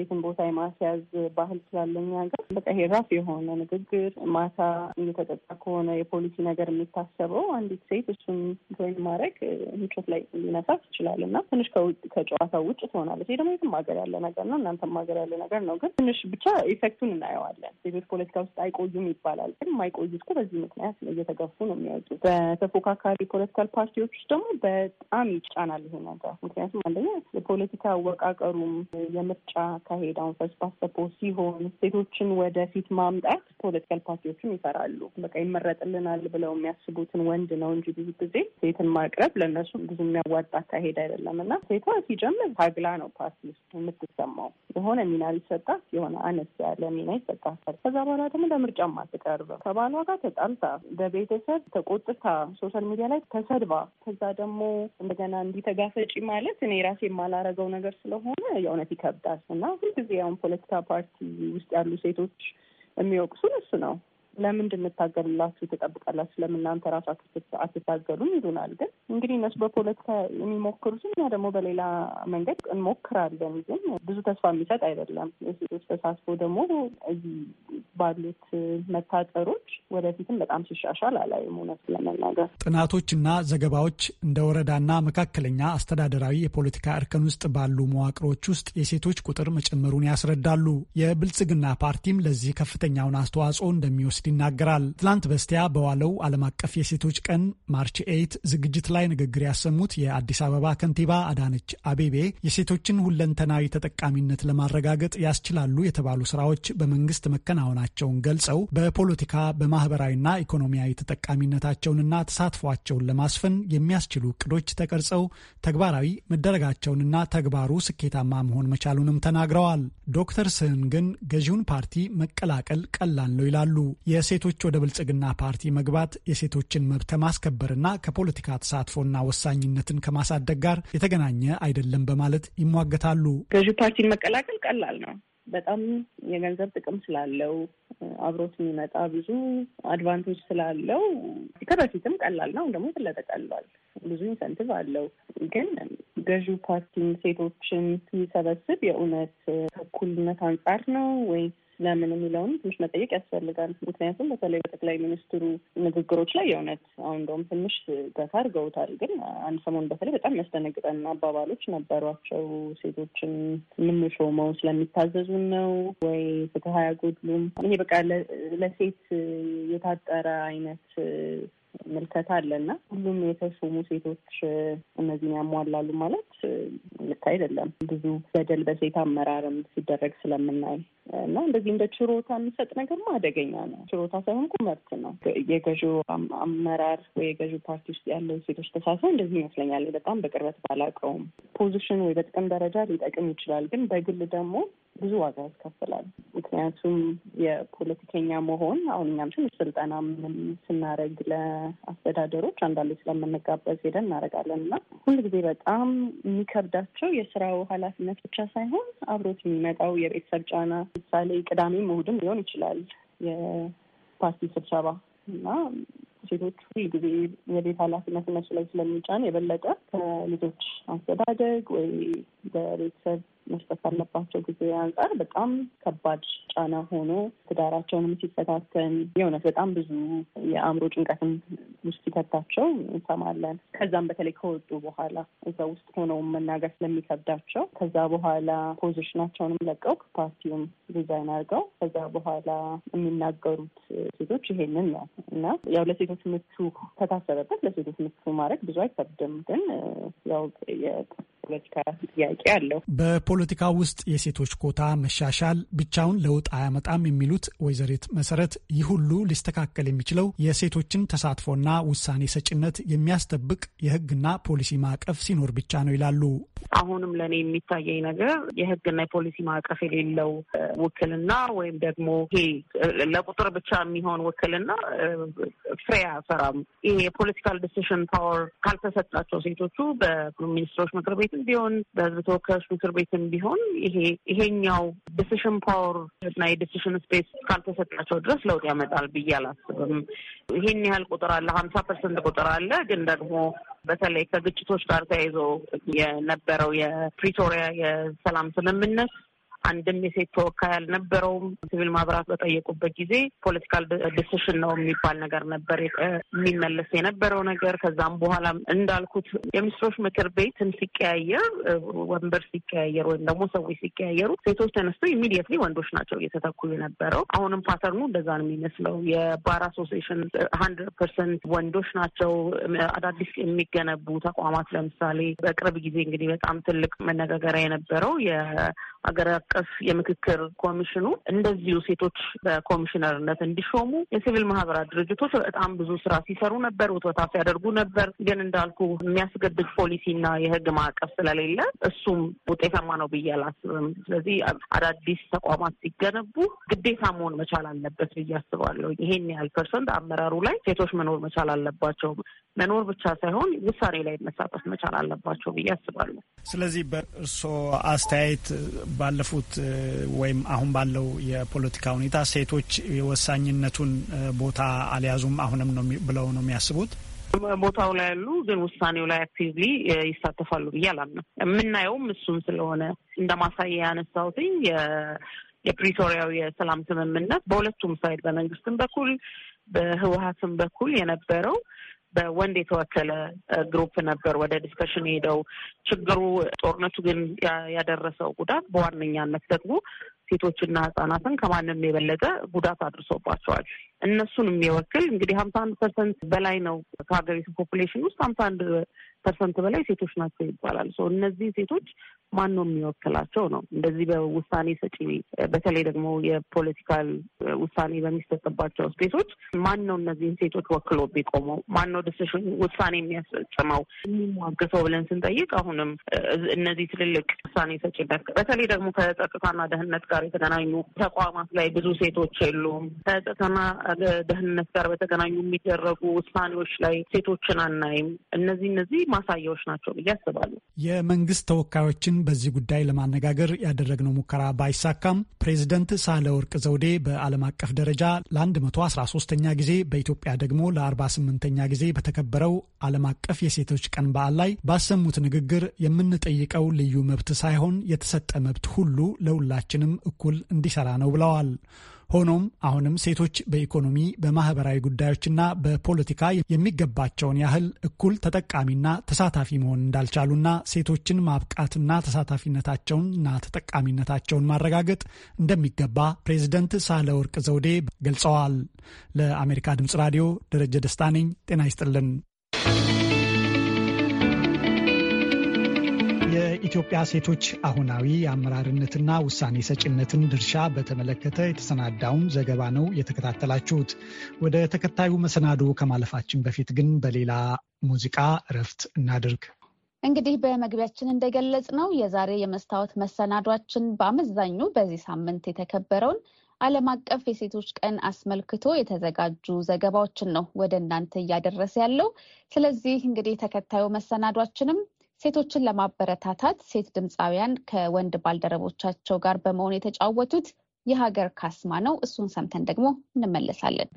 የትም ቦታ የማስ የማስያዝ ባህል ስላለኝ ሀገር በቃ ይሄ ራፍ የሆነ ንግግር ማታ እየተጠጣ ከሆነ የፖሊሲ ነገር የሚታሰበው አንዲት ሴት እሱን ጆይን ማድረግ ምቾት ላይ ሊነሳ ይችላል እና ትንሽ ከጨዋታው ውጭ ትሆናለች። ይሄ ደግሞ የትም ሀገር ያለ ነገር ነው፣ እናንተም ሀገር ያለ ነገር ነው። ግን ትንሽ ብቻ ኢፌክቱን እናየዋለን። ሴቶች ፖለቲካ ውስጥ አይቆዩም ይባላል። ግን የማይቆዩት እኮ በዚህ ምክንያት እየተገፉ ነው የሚወጡት። በተፎካካሪ ፖለቲካል ፓርቲዎች ውስጥ ደግሞ በጣም ይጫናል ይሄ ነገር ምክንያቱም አንደኛ የፖለቲካ አወቃቀሩም የምርጫ ከሄዳውን ፈርስት ያሰቡ ሲሆን ሴቶችን ወደፊት ማምጣት ፖለቲካል ፓርቲዎችም ይሰራሉ። በቃ ይመረጥልናል ብለው የሚያስቡትን ወንድ ነው እንጂ ብዙ ጊዜ ሴትን ማቅረብ ለእነሱ ብዙ የሚያዋጣ አካሄድ አይደለም እና ሴቷ ሲጀምር ታግላ ነው ፓርቲ ውስጥ የምትሰማው። የሆነ ሚና ሊሰጣት የሆነ አነስ ያለ ሚና ይሰጣታል። ከዛ በኋላ ደግሞ ለምርጫ አትቀርብም። ከባሏ ጋር ተጣልታ፣ በቤተሰብ ተቆጥታ፣ ሶሻል ሚዲያ ላይ ተሰድባ፣ ከዛ ደግሞ እንደገና እንዲተጋፈጪ ማለት እኔ ራሴ የማላረገው ነገር ስለሆነ የእውነት ይከብዳል እና ሁልጊዜ ያሁን ፖለቲካ ፓርቲ ውስጥ ያሉ ሴቶች የሚወቅሱን እሱ ነው። ለምን እንድንታገልላችሁ ትጠብቃላችሁ? ለምን እናንተ ራሳችሁ አትታገሉም? ይሉናል። ግን እንግዲህ እነሱ በፖለቲካ የሚሞክሩት እኛ ደግሞ በሌላ መንገድ እንሞክራለን። ግን ብዙ ተስፋ የሚሰጥ አይደለም። የሴቶች ተሳትፎ ደግሞ እዚህ ባሉት መታጠሮች ወደፊትም በጣም ሲሻሻል አላይም። እውነት ለመናገር ጥናቶችና ዘገባዎች እንደ ወረዳና መካከለኛ አስተዳደራዊ የፖለቲካ እርከን ውስጥ ባሉ መዋቅሮች ውስጥ የሴቶች ቁጥር መጨመሩን ያስረዳሉ። የብልጽግና ፓርቲም ለዚህ ከፍተኛውን አስተዋጽኦ እንደሚወስድ እንደሚወስድ ይናገራል። ትላንት በስቲያ በዋለው ዓለም አቀፍ የሴቶች ቀን ማርች ኤይት ዝግጅት ላይ ንግግር ያሰሙት የአዲስ አበባ ከንቲባ አዳነች አቤቤ የሴቶችን ሁለንተናዊ ተጠቃሚነት ለማረጋገጥ ያስችላሉ የተባሉ ስራዎች በመንግስት መከናወናቸውን ገልጸው በፖለቲካ በማህበራዊና ኢኮኖሚያዊ ተጠቃሚነታቸውንና ተሳትፏቸውን ለማስፈን የሚያስችሉ እቅዶች ተቀርጸው ተግባራዊ መደረጋቸውንና ተግባሩ ስኬታማ መሆን መቻሉንም ተናግረዋል። ዶክተር ስህን ግን ገዢውን ፓርቲ መቀላቀል ቀላል ነው ይላሉ። የሴቶች ወደ ብልጽግና ፓርቲ መግባት የሴቶችን መብት ከማስከበርና ከፖለቲካ ተሳትፎና ወሳኝነትን ከማሳደግ ጋር የተገናኘ አይደለም በማለት ይሟገታሉ። ገዢ ፓርቲን መቀላቀል ቀላል ነው። በጣም የገንዘብ ጥቅም ስላለው አብሮት የሚመጣ ብዙ አድቫንቴጅ ስላለው ከበፊትም ቀላል ነው። ደግሞ የበለጠ ብዙ ኢንሰንቲቭ አለው። ግን ገዢው ፓርቲን ሴቶችን ሲሰበስብ የእውነት እኩልነት አንጻር ነው ወይስ ለምን የሚለውን ትንሽ መጠየቅ ያስፈልጋል። ምክንያቱም በተለይ በጠቅላይ ሚኒስትሩ ንግግሮች ላይ የእውነት አሁን እንደውም ትንሽ ገታ አድርገውታል። ግን አንድ ሰሞን በተለይ በጣም ያስደነግጠን አባባሎች ነበሯቸው። ሴቶችን የምንሾመው ስለሚታዘዙን ነው ወይ ፍትህ አያጎድሉም? ይሄ በቃ ለሴት የታጠረ አይነት ምልከታ አለና ሁሉም የተሾሙ ሴቶች እነዚህን ያሟላሉ ማለት ልክ አይደለም። ብዙ በደል በሴት አመራርም ሲደረግ ስለምናይ እና እንደዚህ እንደ ችሮታ የሚሰጥ ነገር አደገኛ ነው። ችሮታ ሳይሆን እኮ መብት ነው። የገዢው አመራር ወይ የገዢው ፓርቲ ውስጥ ያለው ሴቶች ተሳሳ እንደዚህ ይመስለኛል። በጣም በቅርበት ባላውቀውም ፖዚሽን ወይ በጥቅም ደረጃ ሊጠቅም ይችላል፣ ግን በግል ደግሞ ብዙ ዋጋ ያስከፍላል። ምክንያቱም የፖለቲከኛ መሆን አሁን እኛም ትንሽ ስልጠና ስናደረግ ለአስተዳደሮች አንዳንዴ ስለምንጋበዝ ሄደን እናደርጋለን እና ሁልጊዜ በጣም የሚከብዳቸው የስራው ኃላፊነት ብቻ ሳይሆን አብሮት የሚመጣው የቤተሰብ ጫና ለምሳሌ ቅዳሜም እሁድም ሊሆን ይችላል የፓርቲ ስብሰባ እና ሴቶች ሁል ጊዜ የቤት ኃላፊነት እነሱ ላይ ስለሚጫን የበለጠ ከልጆች አስተዳደግ ወይ በቤተሰብ መስጠት አለባቸው ጊዜ አንጻር በጣም ከባድ ጫና ሆኖ ትዳራቸውንም ሲፈታተን የእውነት በጣም ብዙ የአእምሮ ጭንቀትም ውስጥ ሲከታቸው እንሰማለን። ከዛም በተለይ ከወጡ በኋላ እዛ ውስጥ ሆነው መናገር ስለሚከብዳቸው ከዛ በኋላ ፖዚሽናቸውንም ለቀው ከፓርቲውም ዲዛይን አድርገው ከዛ በኋላ የሚናገሩት ሴቶች ይሄንን ነው እና ያው ለሴቶች ምቹ ከታሰበበት ለሴቶች ምቹ ማድረግ ብዙ አይከብድም ግን ያው ፖለቲካ ጥያቄ አለው። በፖለቲካ ውስጥ የሴቶች ኮታ መሻሻል ብቻውን ለውጥ አያመጣም የሚሉት ወይዘሪት መሰረት ይህ ሁሉ ሊስተካከል የሚችለው የሴቶችን ተሳትፎና ውሳኔ ሰጭነት የሚያስጠብቅ የህግና ፖሊሲ ማዕቀፍ ሲኖር ብቻ ነው ይላሉ። አሁንም ለእኔ የሚታየኝ ነገር የህግና የፖሊሲ ማዕቀፍ የሌለው ውክልና ወይም ደግሞ ይሄ ለቁጥር ብቻ የሚሆን ውክልና ፍሬ አያሰራም። ይሄ የፖለቲካል ዲሲሽን ፓወር ካልተሰጣቸው ሴቶቹ በሚኒስትሮች ምክር ቤት ሴኔትም ቢሆን በህዝብ ተወካዮች ምክር ቤትም ቢሆን ይሄ ይሄኛው ዲሲሽን ፓወር እና የዲሲሽን ስፔስ ካልተሰጣቸው ድረስ ለውጥ ያመጣል ብዬ አላስብም። ይሄን ያህል ቁጥር አለ፣ ሀምሳ ፐርሰንት ቁጥር አለ። ግን ደግሞ በተለይ ከግጭቶች ጋር ተያይዞ የነበረው የፕሪቶሪያ የሰላም ስምምነት አንድም የሴት ተወካይ አልነበረውም። ሲቪል ማህበራት በጠየቁበት ጊዜ ፖለቲካል ዲሲሽን ነው የሚባል ነገር ነበር የሚመለስ የነበረው ነገር። ከዛም በኋላ እንዳልኩት የሚኒስትሮች ምክር ቤትን ሲቀያየር ወንበር ሲቀያየር ወይም ደግሞ ሰዎች ሲቀያየሩ ሴቶች ተነስተው ኢሚዲየትሊ ወንዶች ናቸው እየተተኩ የነበረው። አሁንም ፓተርኑ እንደዛ ነው የሚመስለው። የባር አሶሲሽን ሀንድረድ ፐርሰንት ወንዶች ናቸው። አዳዲስ የሚገነቡ ተቋማት ለምሳሌ በቅርብ ጊዜ እንግዲህ በጣም ትልቅ መነጋገሪያ የነበረው አገር አቀፍ የምክክር ኮሚሽኑ እንደዚሁ ሴቶች በኮሚሽነርነት እንዲሾሙ የሲቪል ማህበራት ድርጅቶች በጣም ብዙ ስራ ሲሰሩ ነበር፣ ውትወታ ሲያደርጉ ነበር። ግን እንዳልኩ የሚያስገድድ ፖሊሲና የህግ ማዕቀፍ ስለሌለ እሱም ውጤታማ ነው ብዬ አላስብም። ስለዚህ አዳዲስ ተቋማት ሲገነቡ ግዴታ መሆን መቻል አለበት ብዬ አስባለሁ። ይሄን ያህል ፐርሰንት አመራሩ ላይ ሴቶች መኖር መቻል አለባቸው። መኖር ብቻ ሳይሆን ውሳኔ ላይ መሳተፍ መቻል አለባቸው ብዬ አስባለሁ። ስለዚህ በእርስዎ አስተያየት ባለፉት ወይም አሁን ባለው የፖለቲካ ሁኔታ ሴቶች የወሳኝነቱን ቦታ አልያዙም አሁንም ነው ብለው ነው የሚያስቡት? ቦታው ላይ ያሉ ግን ውሳኔው ላይ አክቲቭሊ ይሳተፋሉ ብዬ አላምንም። የምናየውም እሱም ስለሆነ እንደ ማሳያ ያነሳሁትኝ የፕሪቶሪያው የሰላም ስምምነት በሁለቱም ሳይድ በመንግስትም በኩል በህወሀትም በኩል የነበረው በወንድ የተወከለ ግሩፕ ነበር ወደ ዲስከሽን ሄደው። ችግሩ ጦርነቱ ግን ያደረሰው ጉዳት በዋነኛነት ደግሞ ሴቶችና ህጻናትን ከማንም የበለጠ ጉዳት አድርሶባቸዋል። እነሱን የሚወክል እንግዲህ ሀምሳ አንድ ፐርሰንት በላይ ነው ከሀገሪቱ ፖፑሌሽን ውስጥ ሀምሳ አንድ ፐርሰንት በላይ ሴቶች ናቸው ይባላል። እነዚህ ሴቶች ማን ነው የሚወክላቸው ነው እንደዚህ በውሳኔ ሰጪ በተለይ ደግሞ የፖለቲካል ውሳኔ በሚሰጥባቸው ስፔሶች ማን ነው እነዚህን ሴቶች ወክሎ ቢቆመው ማን ነው ዲሲሽን ውሳኔ የሚያስፈጽመው የሚሟገሰው ብለን ስንጠይቅ አሁንም እነዚህ ትልልቅ ውሳኔ ሰጪነት በተለይ ደግሞ ከጸጥታና ደህንነት ጋር የተገናኙ ተቋማት ላይ ብዙ ሴቶች የሉም። ከጸጥታና ደህንነት ጋር በተገናኙ የሚደረጉ ውሳኔዎች ላይ ሴቶችን አናይም። እነዚህ እነዚህ ማሳያዎች ናቸው ብዬ አስባለሁ። የመንግስት ተወካዮችን በዚህ ጉዳይ ለማነጋገር ያደረግነው ሙከራ ባይሳካም ፕሬዚደንት ሳህለወርቅ ዘውዴ በዓለም አቀፍ ደረጃ ለ113ኛ ጊዜ በኢትዮጵያ ደግሞ ለ48ኛ ጊዜ በተከበረው ዓለም አቀፍ የሴቶች ቀን በዓል ላይ ባሰሙት ንግግር የምንጠይቀው ልዩ መብት ሳይሆን የተሰጠ መብት ሁሉ ለሁላችንም እኩል እንዲሰራ ነው ብለዋል። ሆኖም አሁንም ሴቶች በኢኮኖሚ በማህበራዊ ጉዳዮችና በፖለቲካ የሚገባቸውን ያህል እኩል ተጠቃሚና ተሳታፊ መሆን እንዳልቻሉና ሴቶችን ማብቃትና ተሳታፊነታቸውንና ተጠቃሚነታቸውን ማረጋገጥ እንደሚገባ ፕሬዚደንት ሳህለወርቅ ዘውዴ ገልጸዋል። ለአሜሪካ ድምጽ ራዲዮ ደረጀ ደስታ ነኝ። ጤና ይስጥልን። የኢትዮጵያ ሴቶች አሁናዊ የአመራርነትና ውሳኔ ሰጭነትን ድርሻ በተመለከተ የተሰናዳውን ዘገባ ነው የተከታተላችሁት። ወደ ተከታዩ መሰናዶ ከማለፋችን በፊት ግን በሌላ ሙዚቃ እረፍት እናድርግ። እንግዲህ በመግቢያችን እንደገለጽ ነው የዛሬ የመስታወት መሰናዷችን በአመዛኙ በዚህ ሳምንት የተከበረውን ዓለም አቀፍ የሴቶች ቀን አስመልክቶ የተዘጋጁ ዘገባዎችን ነው ወደ እናንተ እያደረሰ ያለው። ስለዚህ እንግዲህ ተከታዩ መሰናዷችንም ሴቶችን ለማበረታታት ሴት ድምፃውያን ከወንድ ባልደረቦቻቸው ጋር በመሆን የተጫወቱት የሀገር ካስማ ነው። እሱን ሰምተን ደግሞ እንመለሳለን።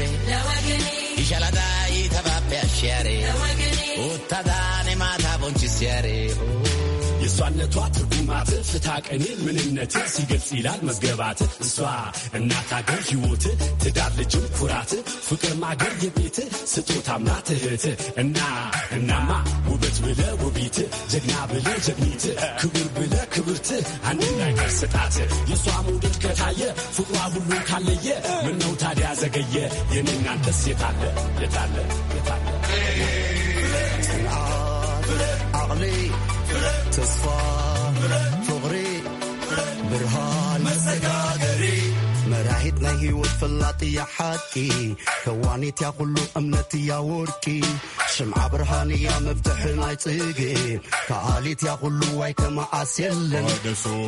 taate ishaladaa iita baabbe asheare uttadaa ne maataa bonchiseare. Oh. የእሷነቷ ትርጉማት ፍታ ቀኔ ምንነት ሲገልጽ ይላል መዝገባት እሷ እናት አገር ህይወት ትዳር ልጅም ኩራት ፍቅር ማገር የቤት ስጦታ ምራት እህት እና እናማ ውበት ብለ ውቢት ጀግና ብለ ጀግኒት ክቡር ብለ ክብርት አንድ ነገር ስጣት የእሷ መውደድ ከታየ ፍቅሯ ሁሉ ካለየ ምነው ታዲያ ዘገየ የኔ እናንተስ የታለ የታለ የታለ اتصال ثغري برهان مسكاقري مراحتنا هي والفلاطي يا حاكي كوانيت يا غلو امنتي يا وركي شمعة برهاني يا مفتح نايتيقي كعاليت يا غلو ويكما عسيلن هذا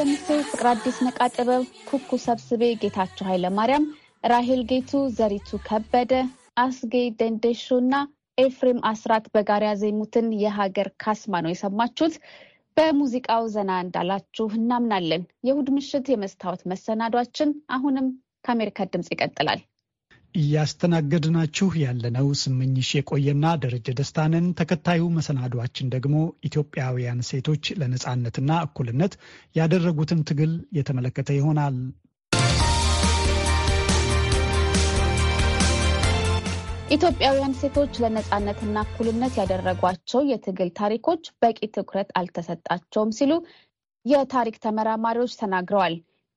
እንደምታው ፍቅር አዲስ ነቃ ጥበብ፣ ኩኩ ሰብስቤ፣ ጌታቸው ኃይለማርያም፣ ራሄል ጌቱ፣ ዘሪቱ ከበደ፣ አስጌ ደንደሾ እና ኤፍሬም አስራት በጋር ያዜሙትን የሀገር ካስማ ነው የሰማችሁት። በሙዚቃው ዘና እንዳላችሁ እናምናለን። የእሁድ ምሽት የመስታወት መሰናዷችን አሁንም ከአሜሪካ ድምፅ ይቀጥላል። እያስተናገድናችሁ ያለነው ስምኝሽ የቆየና ደረጀ ደስታንን። ተከታዩ መሰናዷችን ደግሞ ኢትዮጵያውያን ሴቶች ለነጻነትና እኩልነት ያደረጉትን ትግል የተመለከተ ይሆናል። ኢትዮጵያውያን ሴቶች ለነጻነትና እኩልነት ያደረጓቸው የትግል ታሪኮች በቂ ትኩረት አልተሰጣቸውም ሲሉ የታሪክ ተመራማሪዎች ተናግረዋል።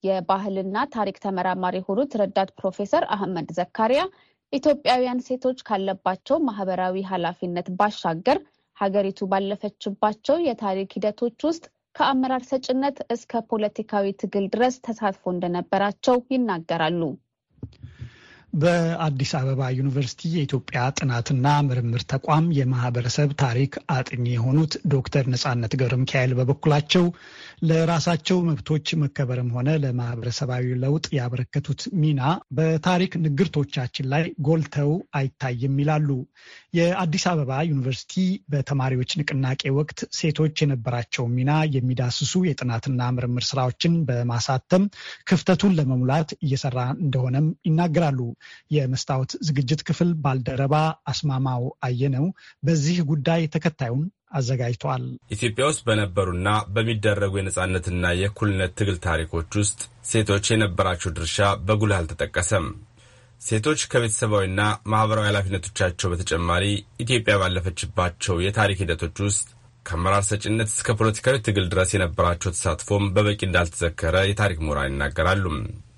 የባህልና ታሪክ ተመራማሪ የሆኑት ረዳት ፕሮፌሰር አህመድ ዘካሪያ ኢትዮጵያውያን ሴቶች ካለባቸው ማህበራዊ ኃላፊነት ባሻገር ሀገሪቱ ባለፈችባቸው የታሪክ ሂደቶች ውስጥ ከአመራር ሰጭነት እስከ ፖለቲካዊ ትግል ድረስ ተሳትፎ እንደነበራቸው ይናገራሉ። በአዲስ አበባ ዩኒቨርሲቲ የኢትዮጵያ ጥናትና ምርምር ተቋም የማህበረሰብ ታሪክ አጥኚ የሆኑት ዶክተር ነጻነት ገብረ ሚካኤል በበኩላቸው ለራሳቸው መብቶች መከበርም ሆነ ለማህበረሰባዊ ለውጥ ያበረከቱት ሚና በታሪክ ንግርቶቻችን ላይ ጎልተው አይታይም ይላሉ። የአዲስ አበባ ዩኒቨርሲቲ በተማሪዎች ንቅናቄ ወቅት ሴቶች የነበራቸው ሚና የሚዳስሱ የጥናትና ምርምር ስራዎችን በማሳተም ክፍተቱን ለመሙላት እየሰራ እንደሆነም ይናገራሉ። የመስታወት ዝግጅት ክፍል ባልደረባ አስማማው አየነው በዚህ ጉዳይ ተከታዩን አዘጋጅተዋል። ኢትዮጵያ ውስጥ በነበሩና በሚደረጉ የነጻነትና የእኩልነት ትግል ታሪኮች ውስጥ ሴቶች የነበራቸው ድርሻ በጉልህ አልተጠቀሰም። ሴቶች ከቤተሰባዊና ማኅበራዊ ኃላፊነቶቻቸው በተጨማሪ ኢትዮጵያ ባለፈችባቸው የታሪክ ሂደቶች ውስጥ ከአመራር ሰጭነት እስከ ፖለቲካዊ ትግል ድረስ የነበራቸው ተሳትፎም በበቂ እንዳልተዘከረ የታሪክ ምሁራን ይናገራሉ።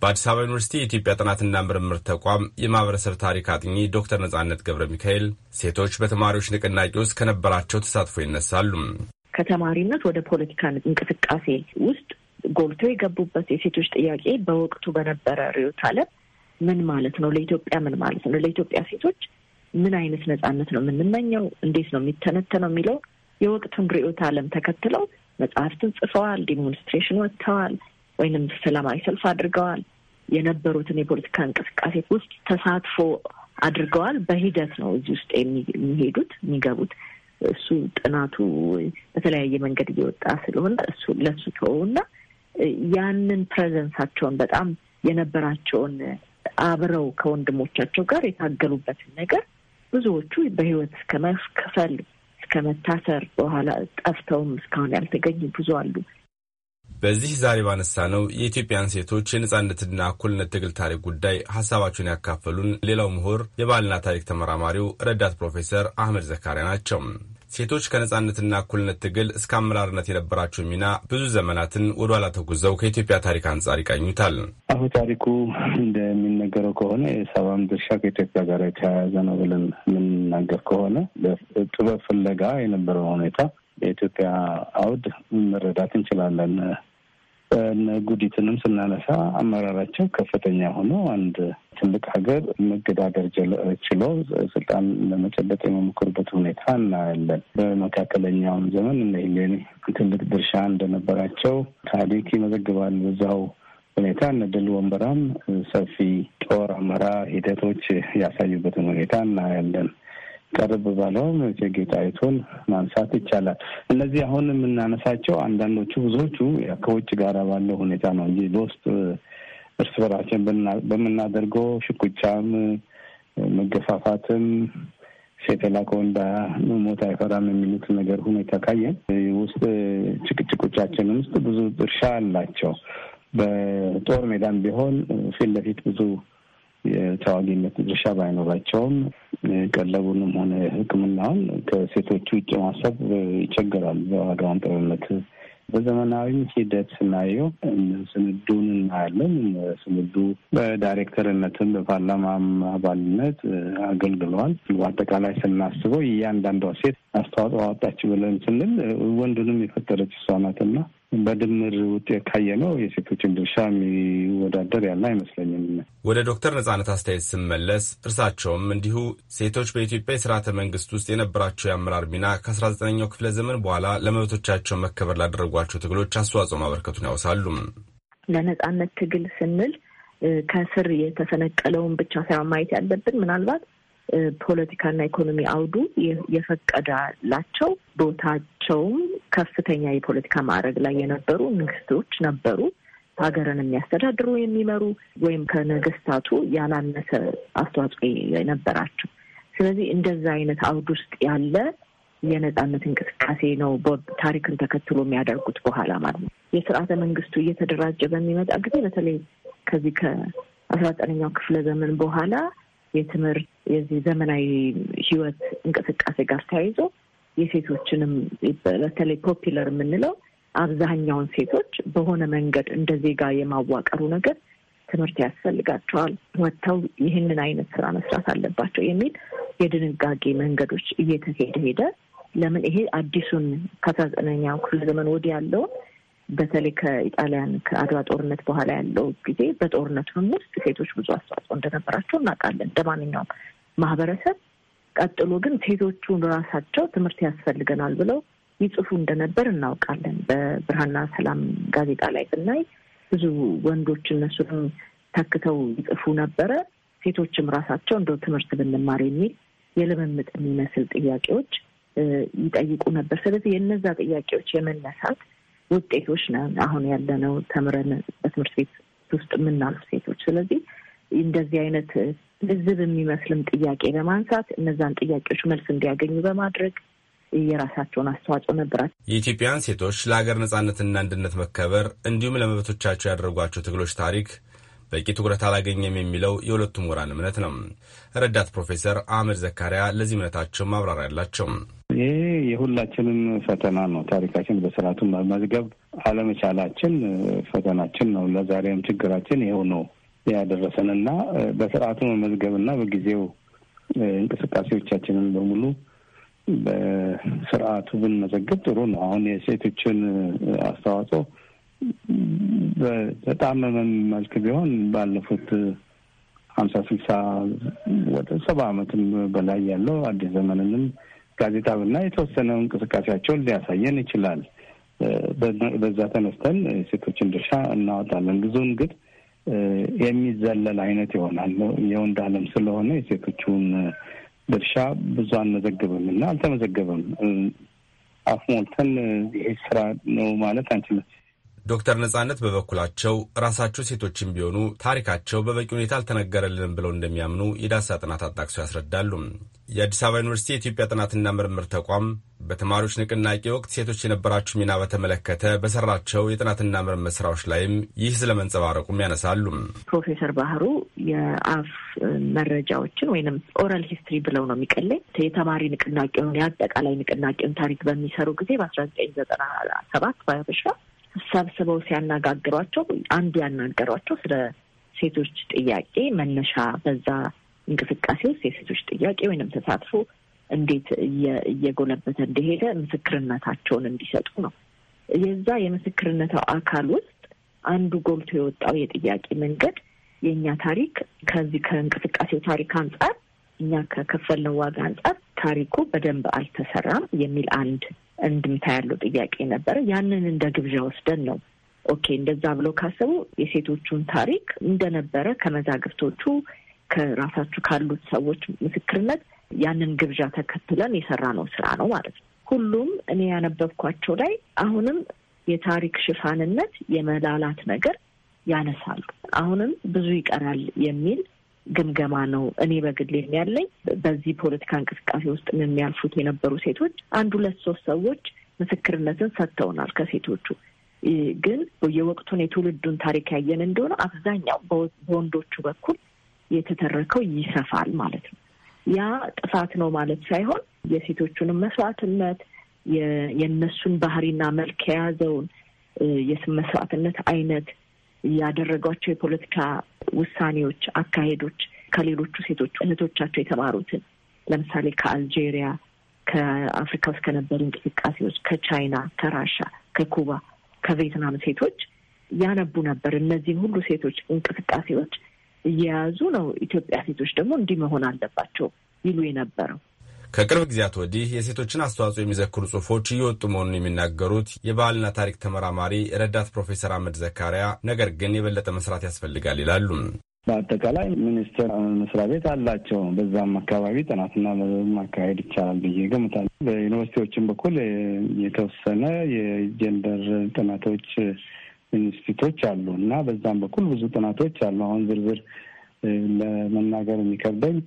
በአዲስ አበባ ዩኒቨርሲቲ የኢትዮጵያ ጥናትና ምርምር ተቋም የማህበረሰብ ታሪክ አጥኚ ዶክተር ነጻነት ገብረ ሚካኤል ሴቶች በተማሪዎች ንቅናቄ ውስጥ ከነበራቸው ተሳትፎ ይነሳሉ። ከተማሪነት ወደ ፖለቲካ እንቅስቃሴ ውስጥ ጎልተው የገቡበት የሴቶች ጥያቄ በወቅቱ በነበረ ርዕዮተ ዓለም ምን ማለት ነው? ለኢትዮጵያ ምን ማለት ነው? ለኢትዮጵያ ሴቶች ምን አይነት ነጻነት ነው የምንመኘው? እንዴት ነው የሚተነተነው? የሚለው የወቅቱን ርዕዮተ ዓለም ተከትለው መጽሐፍትን ጽፈዋል። ዲሞንስትሬሽን ወጥተዋል፣ ወይንም ሰላማዊ ሰልፍ አድርገዋል። የነበሩትን የፖለቲካ እንቅስቃሴ ውስጥ ተሳትፎ አድርገዋል። በሂደት ነው እዚህ ውስጥ የሚሄዱት የሚገቡት። እሱ ጥናቱ በተለያየ መንገድ እየወጣ ስለሆነ እሱ ለሱ ተወውና ያንን ፕሬዘንሳቸውን በጣም የነበራቸውን አብረው ከወንድሞቻቸው ጋር የታገሉበትን ነገር ብዙዎቹ በህይወት እስከ መክፈል እስከ መታሰር በኋላ ጠፍተውም እስካሁን ያልተገኙ ብዙ አሉ። በዚህ ዛሬ ባነሳ ነው የኢትዮጵያን ሴቶች የነጻነትና እኩልነት ትግል ታሪክ ጉዳይ ሀሳባቸውን ያካፈሉን ሌላው ምሁር የባህልና ታሪክ ተመራማሪው ረዳት ፕሮፌሰር አህመድ ዘካሪያ ናቸው። ሴቶች ከነጻነትና እኩልነት ትግል እስከ አመራርነት የነበራቸው ሚና ብዙ ዘመናትን ወደ ኋላ ተጉዘው ከኢትዮጵያ ታሪክ አንጻር ይቃኙታል። አሁ ታሪኩ እንደሚነገረው ከሆነ የሰባም ድርሻ ከኢትዮጵያ ጋር የተያያዘ ነው ብለን የምንናገር ከሆነ ጥበብ ፍለጋ የነበረው ሁኔታ የኢትዮጵያ አውድ መረዳት እንችላለን። ጉዲትንም ስናነሳ አመራራቸው ከፍተኛ ሆኖ አንድ ትልቅ ሀገር መገዳደር ችሎ ስልጣን ለመጨበጥ የመሞክርበት ሁኔታ እናያለን። በመካከለኛውም ዘመን እነ ትልቅ ድርሻ እንደነበራቸው ታሪክ ይመዘግባል። በዛው ሁኔታ እነ ድል ወንበራም ሰፊ ጦር አመራር ሂደቶች ያሳዩበትን ሁኔታ እናያለን። ቀርብ ባለውም እቴጌ ጣይቱን ማንሳት ይቻላል። እነዚህ አሁን የምናነሳቸው አንዳንዶቹ ብዙዎቹ ከውጭ ጋር ባለው ሁኔታ ነው እንጂ በውስጥ እርስ በራችን በምናደርገው ሽኩቻም መገፋፋትም ሴት የላቀው እንዳ ሞት አይፈራም የሚሉት ነገር ሁኔታ ካየን ውስጥ ጭቅጭቆቻችን ውስጥ ብዙ ድርሻ አላቸው። በጦር ሜዳም ቢሆን ፊት ለፊት ብዙ የተዋጊነት ድርሻ ባይኖራቸውም ቀለቡንም ሆነ ሕክምናውን ከሴቶቹ ውጭ ማሰብ ይቸገራል። በዋጋውን ጦርነት በዘመናዊም ሂደት ስናየው ስንዱን እናያለን። ስንዱ በዳይሬክተርነትም በፓርላማም አባልነት አገልግለዋል። በአጠቃላይ ስናስበው እያንዳንዷ ሴት አስተዋጽኦ አወጣች ብለን ስንል ወንዱንም የፈጠረች እሷ ናትና በድምር ውጤት ካየ ነው የሴቶችን ድርሻ የሚወዳደር ያለ አይመስለኝም። ወደ ዶክተር ነጻነት አስተያየት ስመለስ እርሳቸውም እንዲሁ ሴቶች በኢትዮጵያ የስርዓተ መንግስት ውስጥ የነበራቸው የአመራር ሚና ከ19ኛው ክፍለ ዘመን በኋላ ለመብቶቻቸው መከበር ላደረጓቸው ትግሎች አስተዋጽኦ ማበርከቱን ያወሳሉ። ለነጻነት ትግል ስንል ከስር የተፈነቀለውን ብቻ ሳይሆን ማየት ያለብን ምናልባት ፖለቲካና ኢኮኖሚ አውዱ የፈቀዳላቸው ቦታቸውም ከፍተኛ የፖለቲካ ማዕረግ ላይ የነበሩ ንግስቶች ነበሩ። ሀገርን የሚያስተዳድሩ የሚመሩ፣ ወይም ከነገስታቱ ያላነሰ አስተዋጽኦ የነበራቸው። ስለዚህ እንደዛ አይነት አውድ ውስጥ ያለ የነጻነት እንቅስቃሴ ነው ታሪክን ተከትሎ የሚያደርጉት በኋላ ማለት ነው። የስርዓተ መንግስቱ እየተደራጀ በሚመጣ ጊዜ በተለይ ከዚህ ከአስራ ዘጠነኛው ክፍለ ዘመን በኋላ የትምህርት የዚህ ዘመናዊ ህይወት እንቅስቃሴ ጋር ተያይዞ የሴቶችንም በተለይ ፖፒለር የምንለው አብዛኛውን ሴቶች በሆነ መንገድ እንደ ዜጋ የማዋቀሩ ነገር ትምህርት ያስፈልጋቸዋል፣ ወጥተው ይህንን አይነት ስራ መስራት አለባቸው የሚል የድንጋጌ መንገዶች እየተሄደ ሄደ። ለምን ይሄ አዲሱን ከአስራ ክፍለ ዘመን ወዲህ ያለውን በተለይ ከኢጣሊያን ከአድዋ ጦርነት በኋላ ያለው ጊዜ በጦርነቱም ውስጥ ሴቶች ብዙ አስተዋጽኦ እንደነበራቸው እናውቃለን እንደ ማንኛውም ማህበረሰብ። ቀጥሎ ግን ሴቶቹን ራሳቸው ትምህርት ያስፈልገናል ብለው ይጽፉ እንደነበር እናውቃለን። በብርሃንና ሰላም ጋዜጣ ላይ ብናይ ብዙ ወንዶች እነሱንም ተክተው ይጽፉ ነበረ። ሴቶችም ራሳቸው እንደው ትምህርት ብንማር የሚል የልምምጥ የሚመስል ጥያቄዎች ይጠይቁ ነበር። ስለዚህ የእነዛ ጥያቄዎች የመነሳት ውጤቶች ነን። አሁን ያለነው ተምረን በትምህርት ቤት ውስጥ የምናልፍ ሴቶች። ስለዚህ እንደዚህ አይነት ልዝብ የሚመስልም ጥያቄ በማንሳት እነዛን ጥያቄዎች መልስ እንዲያገኙ በማድረግ የራሳቸውን አስተዋጽኦ ነበራት። የኢትዮጵያውያን ሴቶች ለሀገር ነጻነትና አንድነት መከበር እንዲሁም ለመብቶቻቸው ያደረጓቸው ትግሎች ታሪክ በቂ ትኩረት አላገኘም የሚለው የሁለቱ ምሁራን እምነት ነው። ረዳት ፕሮፌሰር አህመድ ዘካሪያ ለዚህ እምነታቸው ማብራሪያ አላቸው። ይህ የሁላችንም ፈተና ነው። ታሪካችን በስርዓቱ መመዝገብ አለመቻላችን ፈተናችን ነው። ለዛሬም ችግራችን ይኸው ነው ያደረሰን እና በስርዓቱ መመዝገብ እና በጊዜው እንቅስቃሴዎቻችንን በሙሉ በስርዓቱ ብንመዘግብ ጥሩ ነው። አሁን የሴቶችን አስተዋጽኦ በጣም መልክ ቢሆን ባለፉት ሀምሳ ስልሳ ወደ ሰባ አመትም በላይ ያለው አዲስ ዘመንንም ጋዜጣና የተወሰነ እንቅስቃሴያቸውን ሊያሳየን ይችላል። በዛ ተነስተን ሴቶችን ድርሻ እናወጣለን። ብዙውን ግን የሚዘለል አይነት ይሆናል። የወንድ ዓለም ስለሆነ የሴቶቹን ድርሻ ብዙ አንመዘግብም እና አልተመዘገበም። አፍ ሞልተን ይሄ ስራ ነው ማለት አንችልም። ዶክተር ነጻነት በበኩላቸው ራሳቸው ሴቶችም ቢሆኑ ታሪካቸው በበቂ ሁኔታ አልተነገረልንም ብለው እንደሚያምኑ የዳሳ ጥናት አጣቅሶ ያስረዳሉ። የአዲስ አበባ ዩኒቨርሲቲ የኢትዮጵያ ጥናትና ምርምር ተቋም በተማሪዎች ንቅናቄ ወቅት ሴቶች የነበራቸው ሚና በተመለከተ በሰራቸው የጥናትና ምርምር ስራዎች ላይም ይህ ስለመንጸባረቁም ያነሳሉ። ፕሮፌሰር ባህሩ የአፍ መረጃዎችን ወይንም ኦራል ሂስትሪ ብለው ነው የሚቀለኝ የተማሪ ንቅናቄውን የአጠቃላይ ንቅናቄውን ታሪክ በሚሰሩ ጊዜ በአስራ ዘጠኝ ዘጠና ሰባት ባያበሻ ሰብስበው ሲያነጋግሯቸው አንዱ ያናገሯቸው ስለ ሴቶች ጥያቄ መነሻ በዛ እንቅስቃሴ ውስጥ የሴቶች ጥያቄ ወይንም ተሳትፎ እንዴት እየጎለበተ እንደሄደ ምስክርነታቸውን እንዲሰጡ ነው። የዛ የምስክርነት አካል ውስጥ አንዱ ጎልቶ የወጣው የጥያቄ መንገድ የእኛ ታሪክ ከዚህ ከእንቅስቃሴው ታሪክ አንጻር እኛ ከከፈልነው ዋጋ አንጻር ታሪኩ በደንብ አልተሰራም የሚል አንድ እንድምታ ያለው ጥያቄ ነበረ። ያንን እንደ ግብዣ ወስደን ነው ኦኬ፣ እንደዛ ብሎ ካሰቡ የሴቶቹን ታሪክ እንደነበረ ከመዛግብቶቹ ከራሳችሁ ካሉት ሰዎች ምስክርነት ያንን ግብዣ ተከትለን የሰራነው ስራ ነው ማለት ነው። ሁሉም እኔ ያነበብኳቸው ላይ አሁንም የታሪክ ሽፋንነት የመላላት ነገር ያነሳሉ። አሁንም ብዙ ይቀራል የሚል ግምገማ ነው እኔ በግሌም ያለኝ። በዚህ ፖለቲካ እንቅስቃሴ ውስጥ የሚያልፉት የነበሩ ሴቶች አንድ ሁለት ሶስት ሰዎች ምስክርነትን ሰጥተውናል። ከሴቶቹ ግን የወቅቱን የትውልዱን ታሪክ ያየን እንደሆነ አብዛኛው በወንዶቹ በኩል የተተረከው ይሰፋል ማለት ነው። ያ ጥፋት ነው ማለት ሳይሆን የሴቶቹንም መስዋዕትነት የእነሱን ባህሪና መልክ የያዘውን የስም መስዋዕትነት አይነት ያደረጓቸው የፖለቲካ ውሳኔዎች፣ አካሄዶች ከሌሎቹ ሴቶች እህቶቻቸው የተማሩትን ለምሳሌ ከአልጄሪያ፣ ከአፍሪካ ውስጥ ከነበሩ እንቅስቃሴዎች፣ ከቻይና፣ ከራሻ፣ ከኩባ፣ ከቬትናም ሴቶች ያነቡ ነበር። እነዚህን ሁሉ ሴቶች እንቅስቃሴዎች እየያዙ ነው ኢትዮጵያ ሴቶች ደግሞ እንዲህ መሆን አለባቸው ይሉ የነበረው ከቅርብ ጊዜያት ወዲህ የሴቶችን አስተዋጽኦ የሚዘክሩ ጽሁፎች እየወጡ መሆኑን የሚናገሩት የባህልና ታሪክ ተመራማሪ ረዳት ፕሮፌሰር አህመድ ዘካሪያ ነገር ግን የበለጠ መስራት ያስፈልጋል ይላሉ። በአጠቃላይ ሚኒስቴር መስሪያ ቤት አላቸው። በዛም አካባቢ ጥናትና ማካሄድ ይቻላል ብዬ ገምታለሁ። በዩኒቨርሲቲዎችም በኩል የተወሰነ የጀንደር ጥናቶች ኢንስቲቶች አሉ እና በዛም በኩል ብዙ ጥናቶች አሉ። አሁን ዝርዝር ለመናገር የሚከብደኝ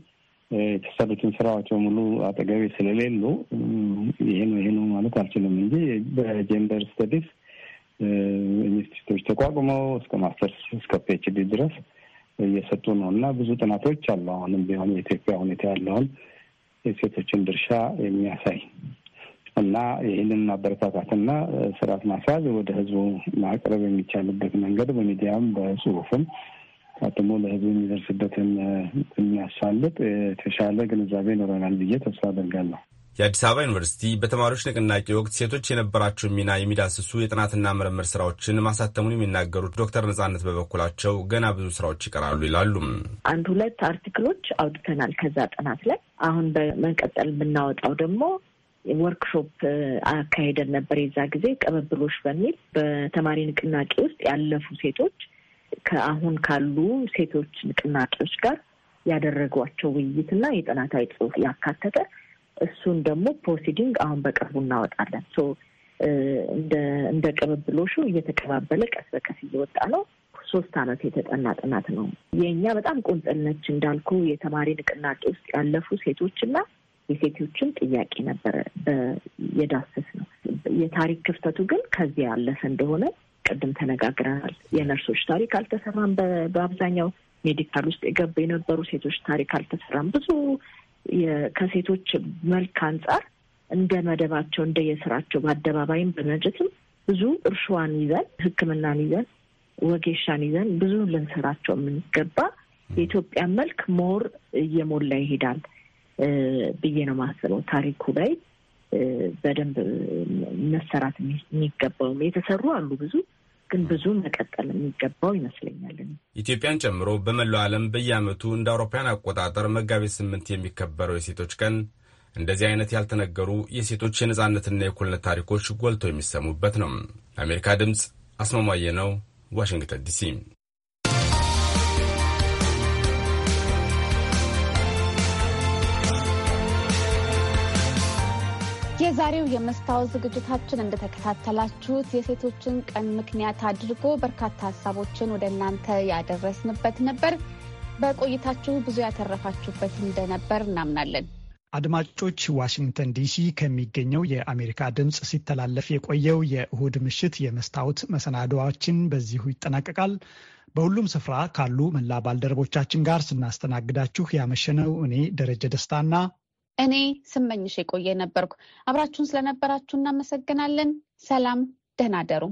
የተሰሩትን ስራዎች በሙሉ አጠገቤ ስለሌሉ ይሄ ነው ይሄ ነው ማለት አልችልም እንጂ በጀንደር ስተዲስ ኢንስቲቱቶች ተቋቁመው እስከ ማስተርስ እስከ ፒኤችዲ ድረስ እየሰጡ ነው እና ብዙ ጥናቶች አሉ። አሁንም ቢሆን የኢትዮጵያ ሁኔታ ያለውን የሴቶችን ድርሻ የሚያሳይ እና ይህንን ማበረታታትና ስርዓት ማስያዝ ወደ ህዝቡ ማቅረብ የሚቻልበት መንገድ በሚዲያም በጽሁፍም አጥሞ ለህዝብ የሚደርስበትን የሚያሳልጥ የተሻለ ግንዛቤ ይኖረናል ብዬ ተስፋ አደርጋለሁ። የአዲስ አበባ ዩኒቨርሲቲ በተማሪዎች ንቅናቄ ወቅት ሴቶች የነበራቸውን ሚና የሚዳስሱ የጥናትና ምርምር ስራዎችን ማሳተሙን የሚናገሩት ዶክተር ነጻነት በበኩላቸው ገና ብዙ ስራዎች ይቀራሉ ይላሉ። አንድ ሁለት አርቲክሎች አውድተናል ከዛ ጥናት ላይ። አሁን በመቀጠል የምናወጣው ደግሞ ወርክሾፕ አካሄደን ነበር የዛ ጊዜ ቅብብሎች በሚል በተማሪ ንቅናቄ ውስጥ ያለፉ ሴቶች ከአሁን ካሉ ሴቶች ንቅናቄዎች ጋር ያደረጓቸው ውይይትና የጥናታዊ ጽሑፍ ያካተተ እሱን ደግሞ ፕሮሲዲንግ አሁን በቅርቡ እናወጣለን። እንደ ቅብብሎሹ እየተቀባበለ ቀስ በቀስ እየወጣ ነው። ሶስት አመት የተጠና ጥናት ነው። የእኛ በጣም ቁንጥል ነች እንዳልኩ የተማሪ ንቅናቄ ውስጥ ያለፉ ሴቶችና የሴቶችን ጥያቄ ነበረ የዳሰስ ነው። የታሪክ ክፍተቱ ግን ከዚያ ያለፈ እንደሆነ ቅድም ተነጋግረናል። የነርሶች ታሪክ አልተሰራም። በአብዛኛው ሜዲካል ውስጥ የገቡ የነበሩ ሴቶች ታሪክ አልተሰራም። ብዙ ከሴቶች መልክ አንጻር እንደ መደባቸው እንደ የስራቸው በአደባባይም በመጀትም ብዙ እርሻዋን ይዘን ሕክምናን ይዘን ወጌሻን ይዘን ብዙ ልንሰራቸው የምንገባ የኢትዮጵያ መልክ ሞር እየሞላ ይሄዳል ብዬ ነው ማስበው። ታሪኩ ላይ በደንብ መሰራት የሚገባውም የተሰሩ አሉ ብዙ ግን ብዙ መቀጠል የሚገባው ይመስለኛል። ኢትዮጵያን ጨምሮ በመላው ዓለም በየዓመቱ እንደ አውሮፓውያን አቆጣጠር መጋቢት ስምንት የሚከበረው የሴቶች ቀን እንደዚህ አይነት ያልተነገሩ የሴቶች የነጻነትና የእኩልነት ታሪኮች ጎልተው የሚሰሙበት ነው። ለአሜሪካ ድምፅ አስማማየ ነው፣ ዋሽንግተን ዲሲ። የዛሬው የመስታወት ዝግጅታችን እንደተከታተላችሁት የሴቶችን ቀን ምክንያት አድርጎ በርካታ ሀሳቦችን ወደ እናንተ ያደረስንበት ነበር። በቆይታችሁ ብዙ ያተረፋችሁበት እንደነበር እናምናለን። አድማጮች፣ ዋሽንግተን ዲሲ ከሚገኘው የአሜሪካ ድምፅ ሲተላለፍ የቆየው የእሁድ ምሽት የመስታወት መሰናዶዋችን በዚሁ ይጠናቀቃል። በሁሉም ስፍራ ካሉ መላ ባልደረቦቻችን ጋር ስናስተናግዳችሁ ያመሸነው እኔ ደረጀ ደስታና እኔ ስመኝሽ የቆየ ነበርኩ። አብራችሁን ስለነበራችሁ እናመሰግናለን። ሰላም፣ ደህና ደሩ።